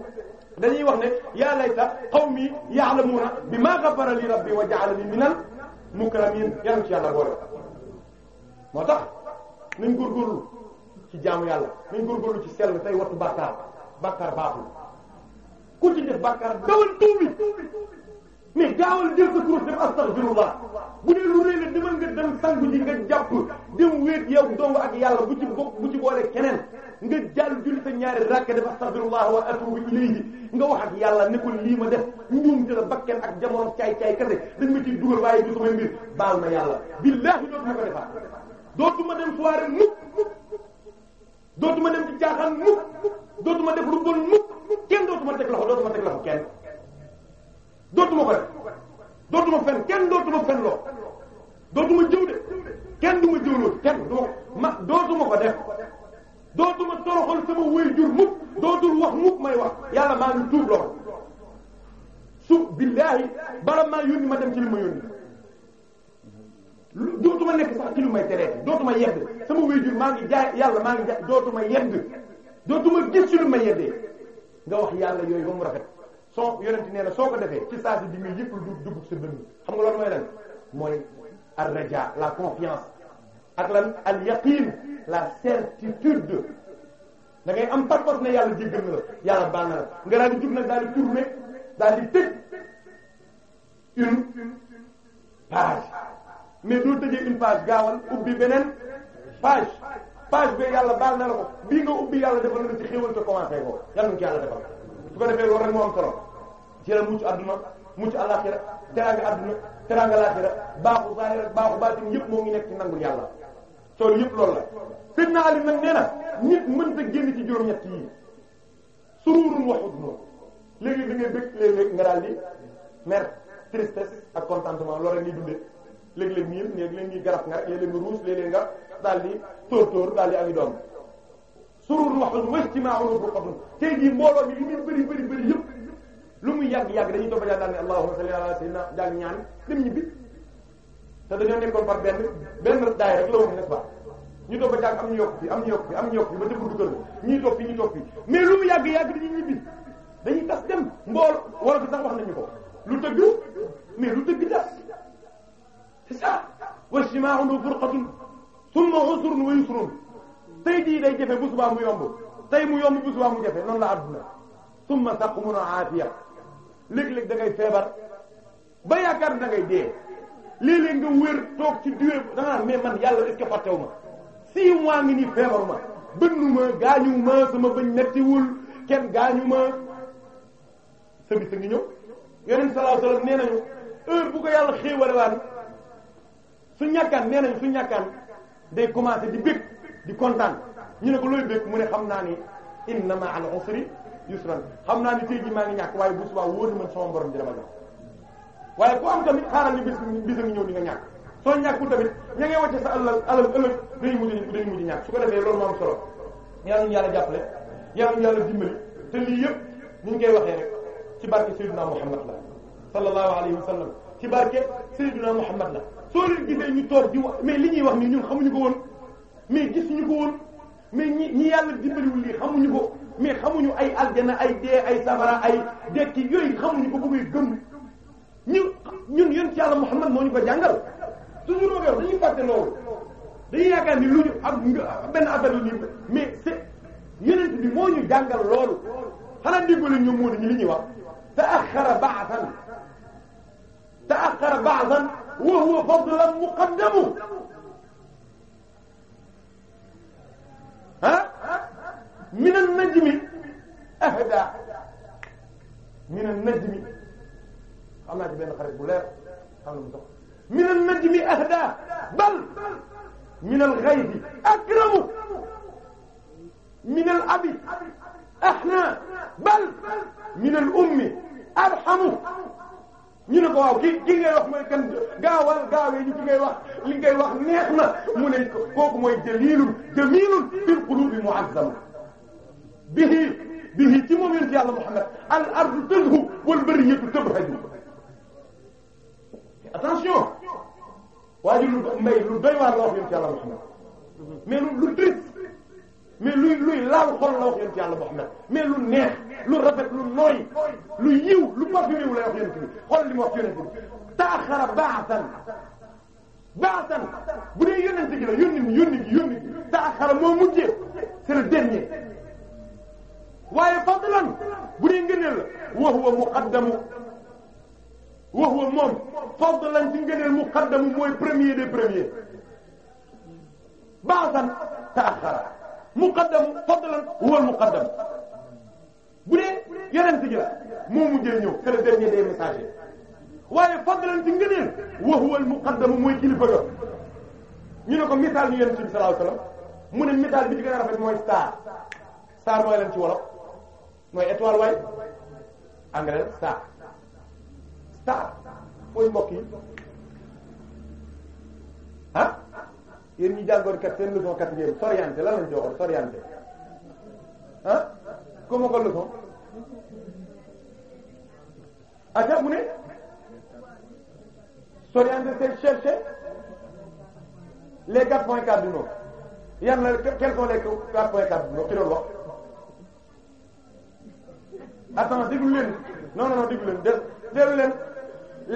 dañuy wax ne yaa layta qawmi ya'lamuuna bimaa ghafara li rabbi wa ja'alani minal mukramiin yàlla ci yàlla boole moo tax nañ góorgóorlu ci jaamu yàlla nañ góorgóorlu ci sell tey wattu bàkkaar bàkkaar baaxul ku ci def bàkkaar dawal tuubi mais gaawal jël sa kurus def astaghfirullah bu dee lu rëy la demal nga dem sangu ji nga jàpp dem wéet yow dong ak yàlla bu ci bokk bu ci boole keneen nga jàll julli sa ñaari rakka def astaghfirullah wa atubu ilayhi nga wax ak yàlla ne ko lii ma def njuumte la bakken ak jamono caay caay kese dañ ma ciy dugal waaye du samay mbir baal ma yàlla billaahi dootuma ko defaat dootuma dem soirée mukk dootuma dem ci caaxaan mukk dootuma def lu bon mukk kenn dootuma teg loxo dootuma teg loxo kenn dootuma ko def dootuma fen kenn dootuma fen loo dootuma jëw kenn du ma jëwloo kenn duma ma dootuma ko def dootuma toroxal sama wéy jur mukk dootul wax mukk may wax yàlla maa ngi tuub lool su billaahi bala maa yónni ma dem ci li ma yónni dootuma nekk sax ci lu may teree dootuma yedd sama wéy jur maa ngi jaay yàlla maa ngi jaay dootuma yedd dootuma gis ci lu may yeddee nga wax yàlla yooyu ba mu rafet soo yonent nee na soo ko defee ci saa si bi muy yëpp lu dugg sa dënn xam nga loolu mooy lan mooy ar raja la confiance ak lan al yaqin la certitude da ngay am parpos ne yàlla jéggal na la yàlla baal na la nga daal di jug nag daal di daal di une page mais doo tëjee une page gaawal ubbi beneen page page ba yàlla baal na la ko bii nga ubbi yàlla defal na ci xéwal te commencé ko yàlla ñu ci yàlla defal su ko defee loolu rek moo am solo ci la mucc adduna mucc àllaxira teraanga adduna teraanga àllaxira baaxu zahir baaxu baatin yëpp moo ngi nekk ci nangul yàlla tool yëpp lool la Seydina Ali nag nee na nit mënta génn ci juróom-ñett yi sururun wa huzn léegi da ngay bëgg léeg-léeg nga daal di mer tristesse ak contentement loolu rek ñuy dundee léeg-léeg miir léeg-léeg ñuy garab nga rek léeg nga ruus tóor tóor daal di ami doom surur wax wajtimaa'u qabru tey jii mbooloo mi li muy bëri bëri bëri yëpp lu muy yàgg yàgg dañuy toog daal ne allahumma salli ala sayyidina daal ñaan dem ñibbi da dañoo nekkoon par benn benn daay rek la woon n'est-ce pas ñu toog ba jàng am ñu yokk fi am ñu yokk fi am ñu yokk fi ba déglu dugal ko ñuy toog fi ñuy toog fi mais lu mu yàgg yàgg dañuy ñibbi tas dem mbool wala fi sax wax nañu ko lu dëgg mais lu dëgg tas c'est ça wajtimaa'u furqatun thumma usrun wa yusrun tey jii day jafe bu subaa mu yomb tey mu yomb bu subaa mu jafe noonu la adduna summa saqumun aafiya léeg-léeg da ngay feebar ba yaakaar da ngay dee léeg-léeg nga wér toog ci duwee da nga naan mais man yàlla est-ce ma six mois ngi nii feebaru ma bënnu ma gaañu ma sama bëñ mettiwul kenn gaañu ma sa bis a ngi ñëw yonent sallallahu alayhi wasallam nee nañu heure bu ko yàlla xéewale waan su ñàkkaan nee nañ su ñàkkaan day commencer di bëgg di kontaan ñu ne ko looy békk mu ne xam naa ni inna ma'al usri yusran xam naa ni tey jii maa ngi ñàkk waaye bu subaa wóor na man sama borom dina ma jox waaye ku am tamit xaaral ni bis ngi ñëw di nga ñàkk soo ñàkkul tamit ña ngay wàcce sa alal alal ëllëg dañu mujj dañu mujj ñàkk su ko defee loolu moo am solo yàlla ñu yàlla jàppale yàlla ñu yàlla dimbali te lii yëpp ni ñu koy waxee rek ci barke Seydina Muhammad la sallallahu alayhi wa sallam ci barke Seydina Muhammad la soo leen gisee ñu toog di wax mais li ñuy wax nii ñun xamuñu ko woon mais gis ñu ko woon mais ñi ñi yàlla dimbaliwul lii xamuñu ko mais xamuñu ay aljana ay dee ay safara ay dekki yooyu xamuñu ko bëggoy gëm ñu ñun yéen ci yàlla Muhammad moo ñu ko jàngal toujours ma koy wax dañuy fàtte loolu dañuy yaakaar ni lu ñu ak benn affaire la nii mais c'est yeneen bi moo ñu jàngal loolu xanaa déggoo leen di ñu li ñuy wax ta'akhkhara ba'than ta'akhkhara ba'than wa huwa fadlan muqaddamu ah min an-najmi ahda min an-najmi am naa ci benn xarit bu leer xam na mu sox min an-najmi ahda bal min al-ghaybi akramu min al-abi ahna bal min al-ummi arhamu ñu ne ko waaw ki ki ngay wax mooy kan gaawal gaawee ñu ki ngay wax li ngay wax neex na mu ne kooku mooy jaliilun jamiilun fil quluubi mu'azzam bihi bihi ci moom yonent yàlla Muhammad al ardu tazhu wal bariyyatu tabhaju attention waajur lu mbay lu doy waar la wax yonent yàlla Muhammad mais lu triste mais luy luy laal xol la wax yonent yàlla Muhammad mais lu neex lu rafet lu nooy lu yiw lu parfumé wu la wax yonent bi xool li mu wax yonent bi taaxara ba'san ba'san bu dee yonent gi la yónni yónni gi yónni gi taaxara moo mujjee c'est le dernier waaye fadlan bu dee ngëneel la wa huwa muqaddamu wa huwa moom fadlan ci ngëneel muqaddamu mooy premier des premiers ba'san taaxara muqaddamu fadlan huwa muqaddam bu dee yonent moo mujjee ñëw que le dernier des messagers waaye fadlan ci wa huwa muqaddam mooy kilifa ñu ne ko misaal ñu yonent bi sallallahu alayhi mu ne misaal bi ci gën a rafet mooy star star mooy leen ci mooy étoile waaye engrais star star mooy mbokk yéen ñi jàngoon kat seen leçon quatrième soriante lan lañ joxoon soriante ah ku ma ko leçon aca mu ne soriante c'est chercher les quatre points cardinaux yan la quels sont les quatre points cardinaux ki doon wax attends déglu leen non non non déglu leen déglu leen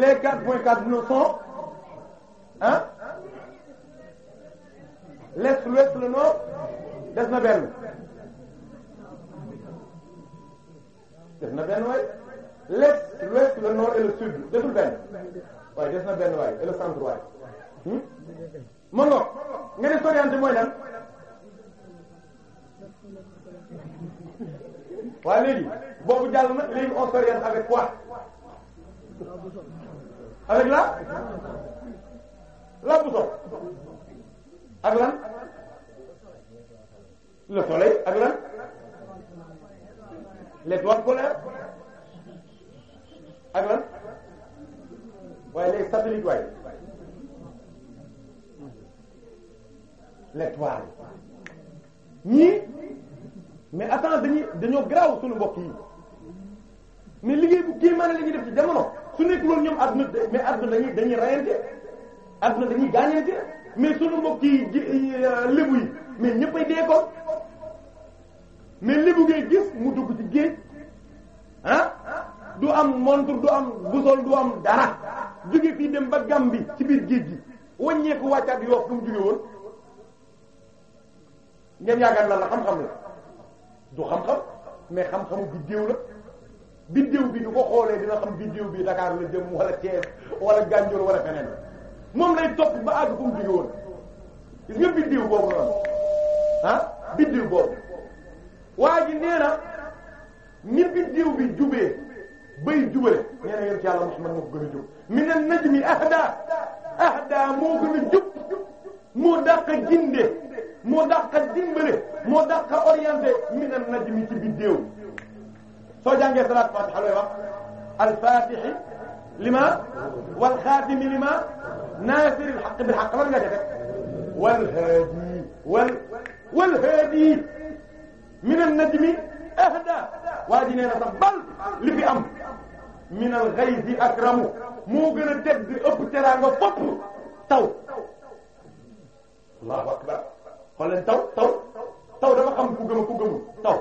les quatre points cardinaux sont ah l'est l'ouest le nord des na benn des na benn waay l'est l'ouest le nord et le sud desul benn waaye des na benn waay et le centre waay ma hmm? ngo nga ne s'orienter mooy lan waaye léegi boobu jàll na léegi on s'oriente avec ak lan le soleil ak lan l'étoile polaire ak lan waaye les satellites waaye l'étoile ñii mais attends dañuy dañoo garaaw suñu mbokk yi mais liggéey bu kéemaane la ñuy def ci jamono su nekk loolu ñoom adduna mais adduna dañuy dañuy rayante adduna dañuy gaañante mais sunu mbokk yi euh, lébu yi mais ñëppay dee ko mais lébu ngay gis mu dugg ci géej ah du am montre du am busol du am dara jóge fii dem ba Gàmbi ci biir géej gi wàññeeku wàccaat yoo fu mu jóge ngeen yaakaar na la xam-xam la du xam-xam mais xam-xamu biddéew la biddéew bi du ko xoolee dina xam biddéew bi Dakar la jëm wala Thiès wala Gandiol wala feneen la moom lay topp ba àgg fu mu jóge woon boobu noonu ah biddiw boobu waa ji nee na ni biddiw bi jubee bay jubale nee na yéen ci yàlla Muhammad moo ko gën a jub min an-najmi ahda ahda moo gën a jub moo dàq ginde moo dàq dimbale moo dàq orienté min an-najmi ci biddiw soo jàngee salaat Faatiha lay al-Faatihi lima wal xaatimi lima naasiril xaq bil xaq lan nga def wal haadi wal wal haadi minal najmi ahda waa ji nee na sax bal li fi am minal ghayzi akramu moo gën a teg di ëpp teraanga fopp taw allahu akbar xool leen taw taw taw dafa xam ku gëm ku gëmul taw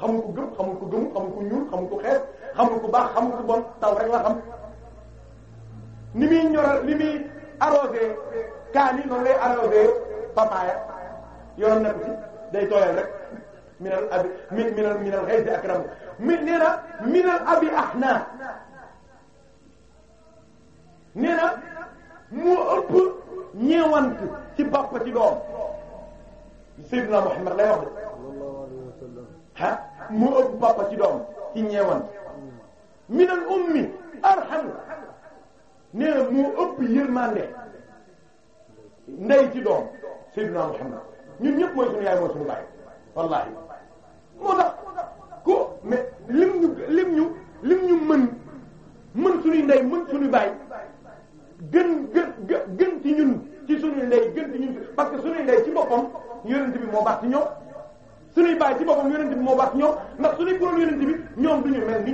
xamul ku gëm xamul ku gëmul xamul ku ñuul xamul ku xees xamul ku baax xamul ku bon taw rek la xam ni muy ñor ni muy arrosé kaani noonu lay arrosé papaaya yoon na ko ci day tooyal rek min minal na abi ahna nee na moo ëpp ñeewant ci ci doom Seydina Muhammad lay wax de ah moo ëpp bàpp ci doom ci ñeewant minal ummi arhamu nee na moo ëpp yërmande ndey ci doom Seydina Muhammad ñun ñëpp mooy suñu yaay mooy suñu baay wallahi moo tax ko mais lim ñu lim ñu lim mën mën suñuy ndey mën suñu baay gën gën gën ci ñun ci suñuy ndey gën ci ñun parce que suñuy ndey ci boppam yonent bi moo baax ci ñoom suñuy baay ci boppam yonent bi moo baax ci ñoom ndax suñuy borom yonent bi ñoom du ñu mel du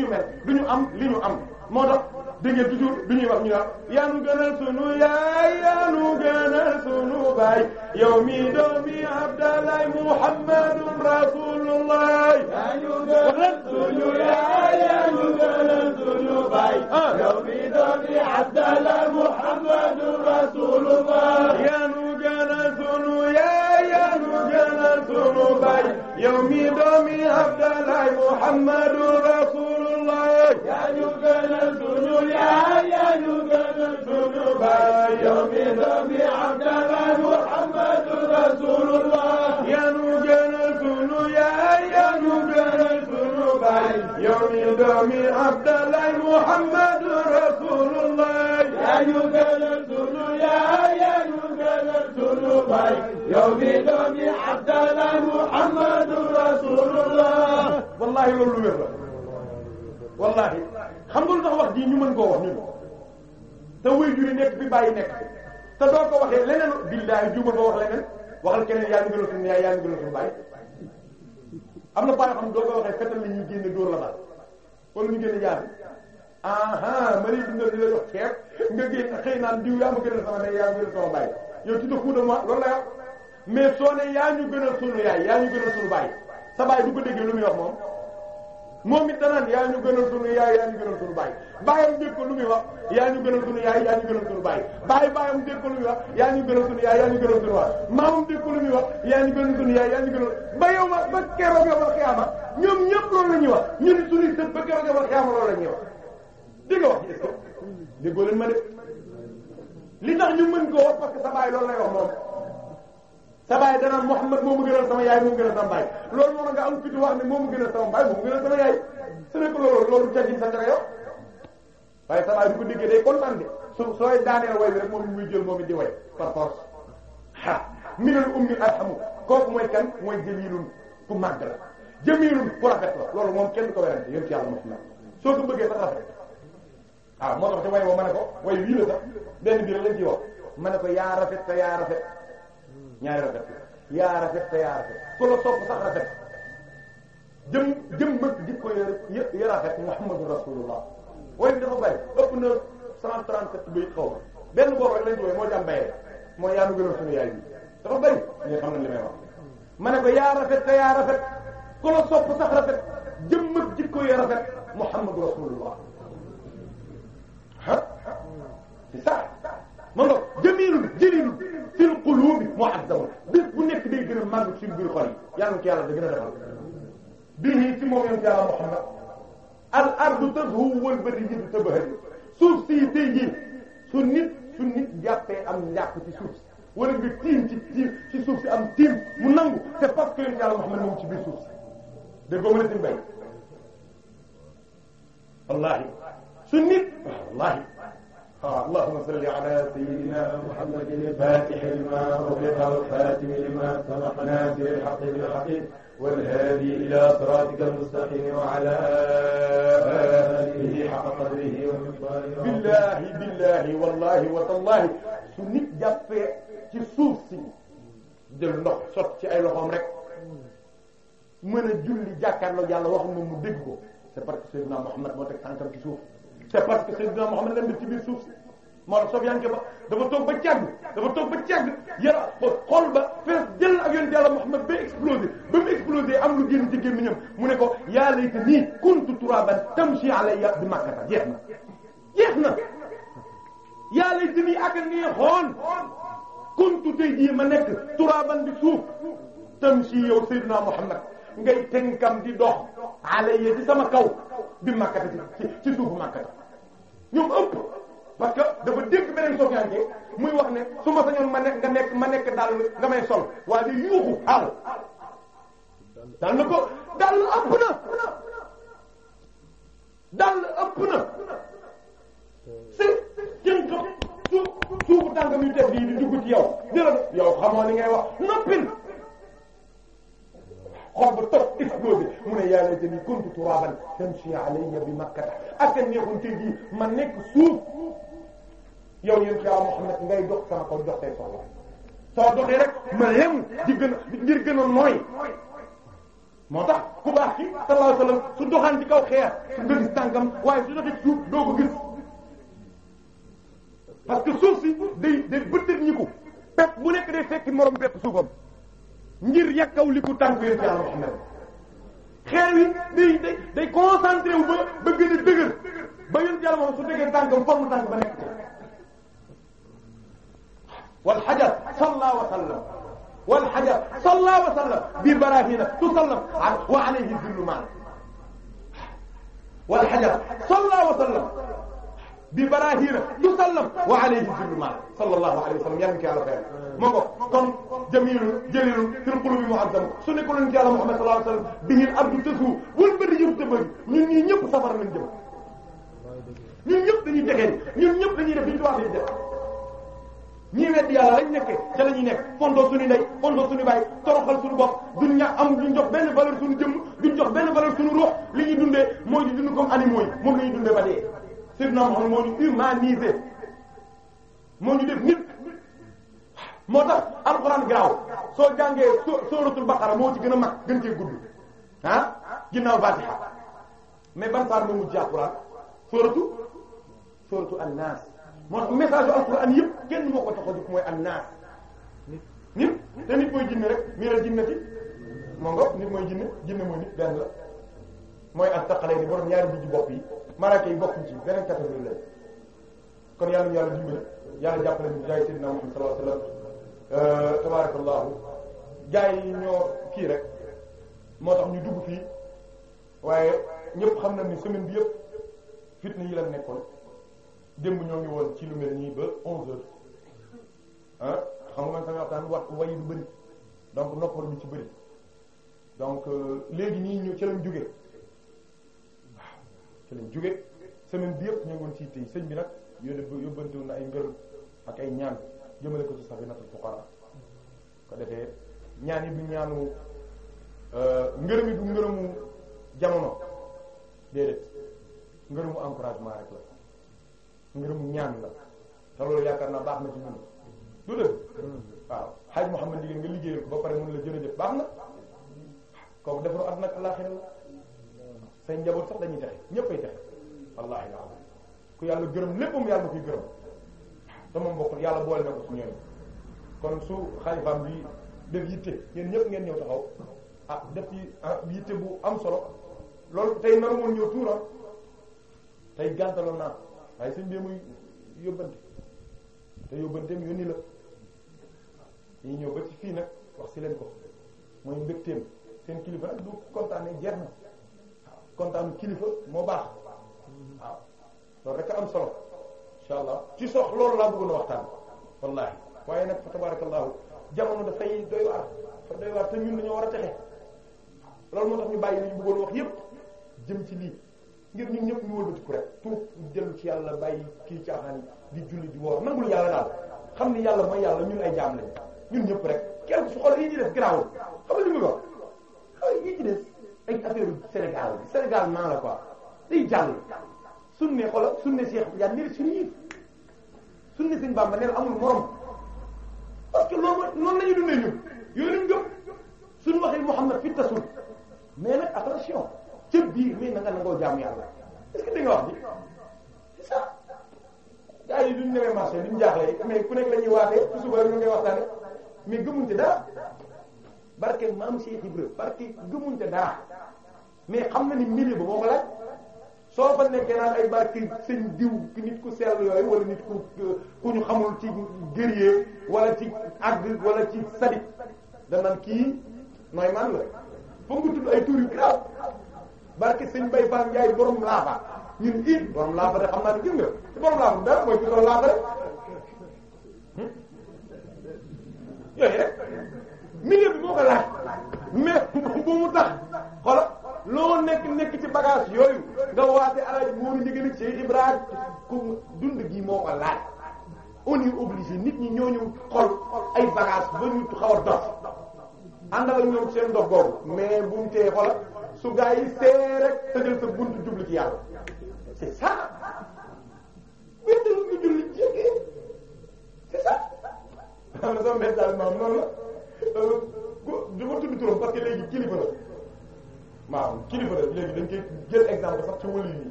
ñu am li ñu am moo tax dégg ngeen toujours bi ñuy wax ñu naan yaanu gënal sunu yaay yaanu gënal sunu baay yow mi doomi Abdallah Muhammadun Rasulullah yaanu gënal sunu yaay yaanu gënal sunu baay ah. yow mi doomi Abdallah Muhammadun Rasulullah yaanu gënal sunu yaay jëlal sunu baay yow mi doomi Abdalaay Muhammadu Rasulullah yaa ñu gënal sunu yaay yaa ñu gënal sunu baay yow mi doomi Abdalaay Muhammadu Rasulullah باي يومي دومي عبد الله محمد رسول الله يا يقال الدنيا يا يا يقال الدنيا باي يومي دومي wallahi xam nga wax ji ñu mën wax ñun te waajur yi nekk bi bàyyi nekk te doo ko waxee leneen billahi juuma ko wax leneen waxal keneen yaa ngi gënal baay am na bàyyi xam doo ko waxee fetal nañ ñu génne dóor la bal wala ñu génne jaan aha ma lay dundal di la jox ceeb nga génn xëy naan diw yaa ma gënal sama ne yaa ma gënal sama bàyyi yow ci dëkku de moi loolu la wax mais soo ne yaa ñu gënal sunu yaay yaa ñu gënal sunu bàyyi sa bàyyi du ko déggee lu mu wax moom moom it danaan yaa ñu gënal sunu yaay yaa ñu gënal sunu baay baayam dégg ko lu muy wax yaa ñu gënal sunu yaay yaa ñu gënal sunu baay baay baayam dégg ko lu muy wax yaa ñu gënal sunu yaay yaa ñu gënal sunu wax maamam dégg ko lu muy wax yaa ñu gënal sunu yaay yaa ñu gënal ba yow ma ba keroog yow ma xiyaama ñoom ñëpp loolu la ñuy wax ñu ni sunu sët ba keroog yow ma xiyaama loolu la ñuy wax dégg wax est-ce que déggoo leen ma de li tax ñu mën koo wax parce que sa baay loolu lay wax moom sa baay danaan Muhammad moomu gënal sama yaay moomu gënal sama baay loolu moo nga am fi di wax ne moomu gënal sama baay moomu gënal sama yaay su nekk loolu loolu cagin sa dara yow waaye sa baay bu ko déggee day kontaan de su sooy daaneel way bi rek moom muy jël moom it di way par force ah minal ummi alhamu kooku mooy kan mooy jëmiilun ku màgg la jëmiilun ku rafet la loolu moom kenn du ko werante yéen ci yàlla Muhammad soo ko bëggee sax rafet ah moo tax te way woo ma ne ko way wii la sax benn biir lañ ci wax ma ne ko yaa rafet te yaa rafet ñaari rafet yaa rafet te yaa rafet ku la topp sax rafet jëm jëm bëgg jikko yi rafet Muhammadu Rasulullah way bi dafa bari ëpp na cent trente bi xaw ma benn boobu rek lañ ci woy moo ci am bayre mooy yaa nu gënal suñu yaay bi dafa bari ñu xam nañ li may wax ma ne ko yaa rafet te yaa rafet ku la sopp sax rafet jëm ak jikko yi rafet Muhammadu Rasulullah ah c'est ça ma nga jamiilun jaliilun fil quluubi mu'azzam bés bu nekk day gën a màgg ci biir xol yi yàlla ci yàlla da gën a defal bii ci moom yonent yàlla Muhammad al ardu tazhu wal bariyyu tabhaju suuf si tey jii su nit su nit jàppee am njàpp ci suuf si wala nga tiim ci tiim ci suuf si am tiim mu nangu c'est parce que yonent yàlla Muhammad moom ci biir suuf si dégg nga mën a si mbay wallaahi su nit wallaahi اللهم صل على سيدنا محمد الفاتح لما أغلق والخاتم لما سبق ناصر الحق بالحق والهادي إلى صراطك المستقيم وعلى آله حق قدره ومقداره بالله بالله والله وتالله su nit jàppee ci suuf si jël ndox sot ci ay loxoom rek mën a julli jàkkaarloo yàlla wax na mu dégg ko c'est parce que Seydina Muhammad moo teg tànkam ci suuf c'est parce que Seydina Muhammad leen suuf si moo tax Sofyaan ba dafa toog ba càgg dafa toog ba càgg yara ba xol ba fees jël ak yonent Yàlla Muhammad ba explosé ba mu explosé am lu génn ci gémmiñam mu ne ko ya laytanii kuntu turaaban tamshi alayya bi Makkata jeex na jeex na yaa laytanii ak a neexoon kuntu tey jii ma nekk turaaban di suuf tamshi yow Seydina Muhammad ngay tënkam di dox alayya ci sama kaw bi Makkata ci ci suufu ñoom ëpp parce que dafa dégg beneen sofianke muy wax ne su ma sañoon ma nekk nga nekk ma nekk daal nga may sol waaye di yuuxu aal daal na ko daal ëpp na daal ëpp na si jën ko suuf suufu yu teg di dugg ci yow jëlal yow xamoo ni ngay wax noppil xol ba toog ifloo bi mu ne yaa laytanii kuntu turaaban tamshi alayya bi makkata ak a neexoon tey jii ma nekk suuf yow yéen yaa Muhammad ngay dox sama ko dox tey soxla soo doxee ma lem di gën a ngir moo tax ku ba ci sallallahu alayhi wasallam su doxaan ci kaw xeer nga gis su doxee suuf doo ko gis parce que suuf si day day bëtër ñi ko bu nekk day fekki morom pepp suufam. ngir yàkkaw li ku tànk yonent yàlla Muhammad xeer wi day day day wu ba ba gën a dëgër ba yonent yàlla moom su tegee tànkam forme tànk ba nekk wal hajar salla wa sallam wal hajar salla wa sallam bi barahina tusallam wa alayhi zillu mal wal hajar salla wa sallam bi barahina tusallam wa alayhi jibmal sallallahu alayhi wa sallam yàlla ci yàlla fayal moo ko kon jamilu jalilu fil qulubi mu'azzam su nekkul woon ci yàlla Muhammad sallallahu alayhi wa sallam bihil ardu tasu wal bari yëpp te bëri ñun ñii ñëpp safara lañ jëm ñun ñëpp dañuy jege ñun ñëpp dañuy def li ñu wax di def ñii weddi yàlla lañ nekkee ca la ñuy nekk fondoo suñu ndey fondoo suñu baay toroxal suñu bopp duñ ña am duñ jox benn valeur suñu jëmm duñ jox benn valeur suñu ruux li ñuy dundee mooy di dund comme animaux yi moom la ñuy dundee ba dee Seydina Muhammad moo ñu moo ñu def nit moo tax alxuraan garaaw soo jàngee suratul baqara moo ci gën a mag gën cee gudd ah ginnaaw fatiha mais ban saar moo mujj alxuraan suratu suratu annaas moo tax message alxuraan yëpp kenn moo ko tax a mooy annaas nit te nit mooy jinne rek miiral jinne moo nga nit mooy jinne jinne mooy nit benn la mooy ak taqale ni borom ñaari bijji bopp yi malaaka yi bokkuñ ci beneen catégorie lañ kon yàlla ñu yàlla dimbali yàlla jàppale ñu jaay sayyidina Muhammad sallallahu alayhi wasallam euh, tabarakallahu gaa yi ñoo kii rek moo tax ñu dugg fii waaye ñëpp xam na ni semaine bi yëpp fitna yi la nekkoon démb ñoo ngi woon ci lu mel nii ba 11 heures ah xam nga man sama waxtaan wax wayi du bëri donc noppal bi ci bëri donc euh, léegi nii ñu ci lañ jógee ci lañ jóge semaine bi yëpp ñu ngi woon ci tey sëñ bi nag yónni yóbbantewoon na ay ngërëm ak ay ñaan jëmale ko ci safinatul fuqara ko defee ñaan yi du ñaanu euh, ngërëm yi du ngërëmu jamono déedéet ngërëmu encouragement rek la ngërëmu ñaan la te loolu yaakaar naa baax na ci ñun du dëgg waaw xaaj Mouhamed jigéen nga liggéeyal ko ba pare mun la jërëjëf baax na kooku defaru àdduna ak àllaxira la say njaboot sax dañuy texe ñëppay texe wallaahi la ku yàlla gërëm léppam yàlla kuy gërëm te moom yàlla boole na ko ci ñoom kon su xalifaam bi def yitte yéen ñëw taxaw ah def ci ah, yitte bu am solo loolu tey naru woon ñëw tuuram tey gàntaloon naa waaye suñ bee muy yóbbante te yóbbanteem yónni la yi ñëw ba ci fii nag wax si leen ko mooy mbégteem seen kilifa nag du kontaanee jeex na kontaanu kilifa moo baax waaw loolu rek am solo insha allah ci sox loolu laa bëggoon a waxtaan wallaahi waaye nag fa tabarakallahu jamono dafay doy waar fa doy waar te ñun dañoo war a texe loolu moo tax ñu bàyyi li ñu bëggoon wax yépp jëm ci lii ngir ñu ñëpp ñu wëlbatiku rek tuub jël ci yàlla bàyyi kii caaxaan di julli di woor nangul yàlla daal xam ni yàlla mooy yàlla ñun ay jaam lañ ñun ñëpp rek kenn su xool yi ci des garaawul xam nga li muy wax ay affaire Sénégal bi Sénégal maa la quoi day jàll sunne xolo sunne Cheikh Tidiane nel suñu yëf sunne Sëriñ Bamba nel amul morom parce que loolu noonu la ñu dundee ñun yooyu lañ gëm suñu waxee Muhammad fi tasul mais nag attention ca biir mais na nga nangoo jaamu yàlla est a que da nga wax bi c'est ça gars yi duñ demee marché duñ jaaxle mais ku nekk la ñuy waatee su suba ñu ngay mais gëmuñ ci barke maam Cheikh Ibra barke gëmunte dara mais xam na ni milieu ba moo ko soo fa nekkee naan ay barke sëñ diw nit ku sell yooyu wala nit ku ku ñu xamul ci guerrier wala ci àgg wala ci sadik danaan kii nooy man la foog nga tudd ay tur yu grave barke sëñ Baye Fall Ndiaye borom laafa ñun it borom laafa de xam naa ne gis nga ci borom laafa dara mooy ci borom laafa rek hmm? yooyu rek mi bi moo ko laaj mais bu mu tax xoolal loo nekk nekk ci bagage yooyu nga waate alaaj góoru njigéen ak Cheikh Ibrahima ku dund gi moo ko laaj on est obligé nit ñi ñoo ñu xol ay bagage ba ñu xaw a dox àndal ak ñoom seen ndox boobu mais bu mu tee xoolal su gaa yi see rek tëjal sa buntu jublu yàlla c'est ça bindalu ñu julli jéggi c'est ça am na noonu du ma tudd turam parce léegi kilifa la waaw kilifa la léegi dañ koy jël exemple sax ci wàllu yi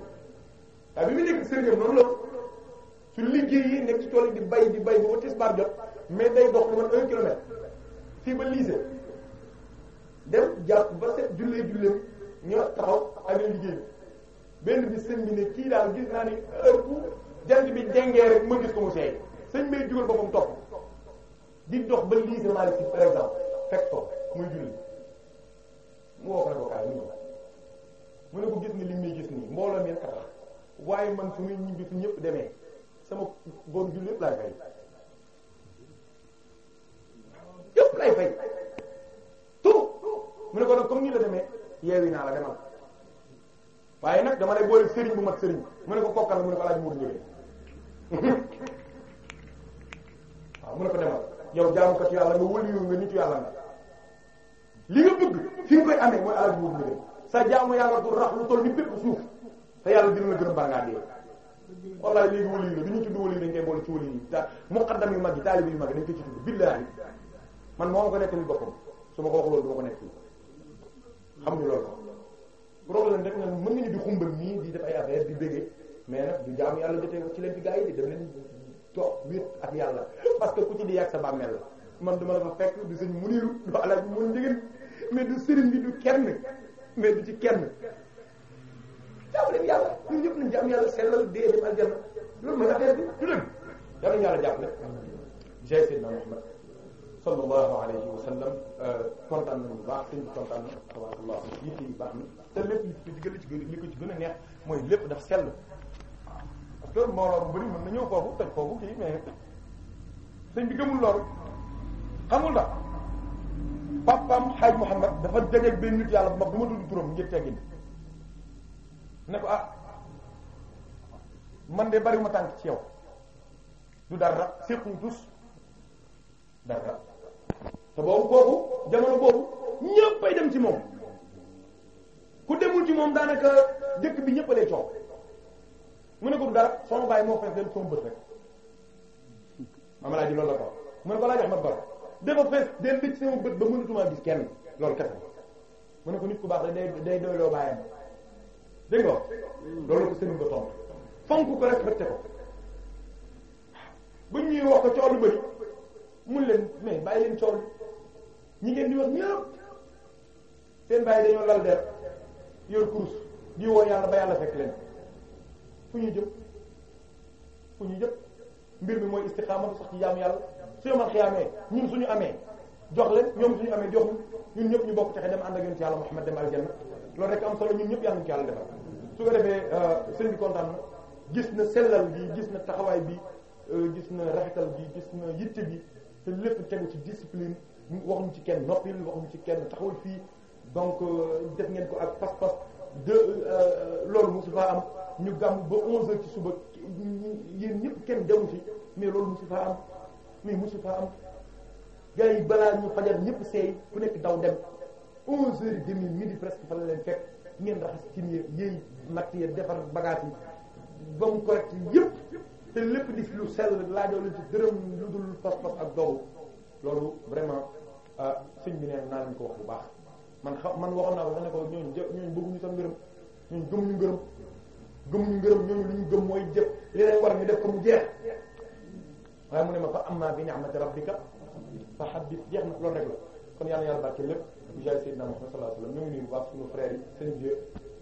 waaye bi mu nekk sëriñam noonu la su liggéey nekk ci tool di bay di bay ba tisbaar jot mais day dox lu man un kilomètre fii ba lycée dem jàpp ba set jullee jullee ñoo taxaw ak liggéey bi benn bi sëñ bi ne kii daal gis naa ni heure jant bi jengee rek ma gis ko mu seey sëñ may jugal boppam topp di dox ba lycée Malick Sy par exemple fekk ko muy julli mu ko ne ko kaay mu mu ne ko gis ni li muy gis nii mbooloo mi tax waaye man su muy ñibbi su ñëpp demee sama bon julli yëpp laay fay yëpp lay fay tout mu ne ko nag comme nii la demee yeewi naa la demal waaye nag dama lay boole sëriñ bu mat sëriñ mu ne ko kokkal mu ne ko laaj muur jógee waaw mu ne ko demal yow jaamukatu yàlla nga wëliyu nga nitu yàlla nga li nga bëgg fi nga koy amee mooy alal buur nga sa jaamu yàlla du rax lu toll ni bépp suuf te yàlla dina la gërëm baa ngaa dee wallahi léegi wëliyu la du ñu tudd wëliyu dañ koy muqaddam yu mag yi taalib yu mag yi dañ koy ci tudd billahi man moo ma ko nekk li boppam su ma ko wax loolu du ma ko nekk xam nga loolu problème rek nag mën nañu di xumbal nii di def ay di déggee mais du jaamu yàlla jotee ci leen ci gaa yi di dem leen toog wéet ak yàlla parce que ku ci di yàgg sa bàmmeel la man duma la fa fekk du sëñ muniru du alaaj mun njëgën mais du sëriñ bi du kenn mais du ci kenn jaamu leen yàlla ñun ñëpp nañ jaam yàlla sellal dee dem aljanna loolu mooy affaire bi du dëgg yàlla ñu yàlla wa sallam euh, kontaan nañu bu baax baax na te lépp li ci gën a li ko ci gën a neex mooy lépp daf sell te mbooloo bu bëri na ñëw foofu te foofu kii mais sëñ bi gëmul loolu xamul da papam xaaj Muhammad dafa dajeeg benn nit yàlla bu mag du ma tudd turam ngir teggin ne ko ah man de bariwuma tànk ci yow du dara séquñ tus dara te boobu kooku jamono boobu ñëppay dem ci moom ku demul ci moom daanaka dëkk bi ñëpp a mu ne ko du dara sama bàyyi moo fees den sama bët rek maama laa ji loolu la ko mu ne ko laa jox ma bar dafa fees den bëcc sama bët ba mënatumaa gis kenn loolu kese mu ne ko nit ku baax rek day day doyloo bàyyam dégg nga loolu ko sëriñ ba tomb fonk ko respecté ko bu ñuy wax ko coow lu bëri mun leen mais bàyyi leen coow ñi ngeen di wax ñëpp seen bàyyi dañoo lal der yor kurus di woo yàlla ba yàlla fekk leen fu ñu jëm fu ñu jëm mbir mi mooy istiqaama sax ci jaamu yàlla su yomal xiyaamee ñun ñu amee jox leen ñoom suñu amee joxuñ ñun ñëpp ñu bokk texe dem ànd ak yonent yàlla Muhammad dem aljanna loolu rek am solo ñun ñëpp yàlla ñu ci yàlla defal su ko defee euh, sëñ bi kontaan gis na sellal bi gis na taxawaay bi euh, gis na rafetal bi gis na yitte bi te lépp tegu ci discipline waxuñ ci kenn noppil waxuñ ci kenn taxawul fii donc euh, def ngeen ko ak pas-pas de euh, loolu mosu faa am ñu gàmm ba 11h ci suba yéen ñëpp kenn demu fi mais loolu mosu faa am mais mosu faa am gars yi balaa ñu fajar ñëpp seey ku nekk daw dem 11h30 midi presque fa la leen fekk ngeen raxas ci nii yéen matt yi defar bagage yi ba mu correct yëpp te lépp di lu sell laajoo leen ci dërëm lu dul pas-pas ak doobu loolu vraiment euh, sëñ bi neen naa leen ko wax bu baax. man xaw man waxoon naa ko ma ne ko ñooñu jë ñooñu bëgguñu sax ngërëm ñooñu gëmuñu ngërëm gëmuñu ngërëm ñooñu li ñu gëm mooy jëf li leen war ñu def ko mu jeex waaye mu ne ma fa amma bi ni'mati rabbika fa haddith jeex na loolu rek la kon yàlla yàlla barke lépp bi jaay Seydina Muhammad sallallahu alayhi wasallam ñu ngi nuyu baax suñu frère yi seen vieux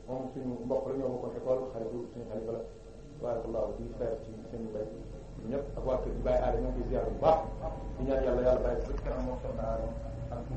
moom suñu mbokk la ñoo bokkoon école xaritu suñu xalifa la barakallahu di frère ci seen bay ñëpp ak waa kër ji bàyyi aada ñoo ngi koy ziar bu baax di ñaan yàlla yàlla bàyyi si kanam moom soxna aadama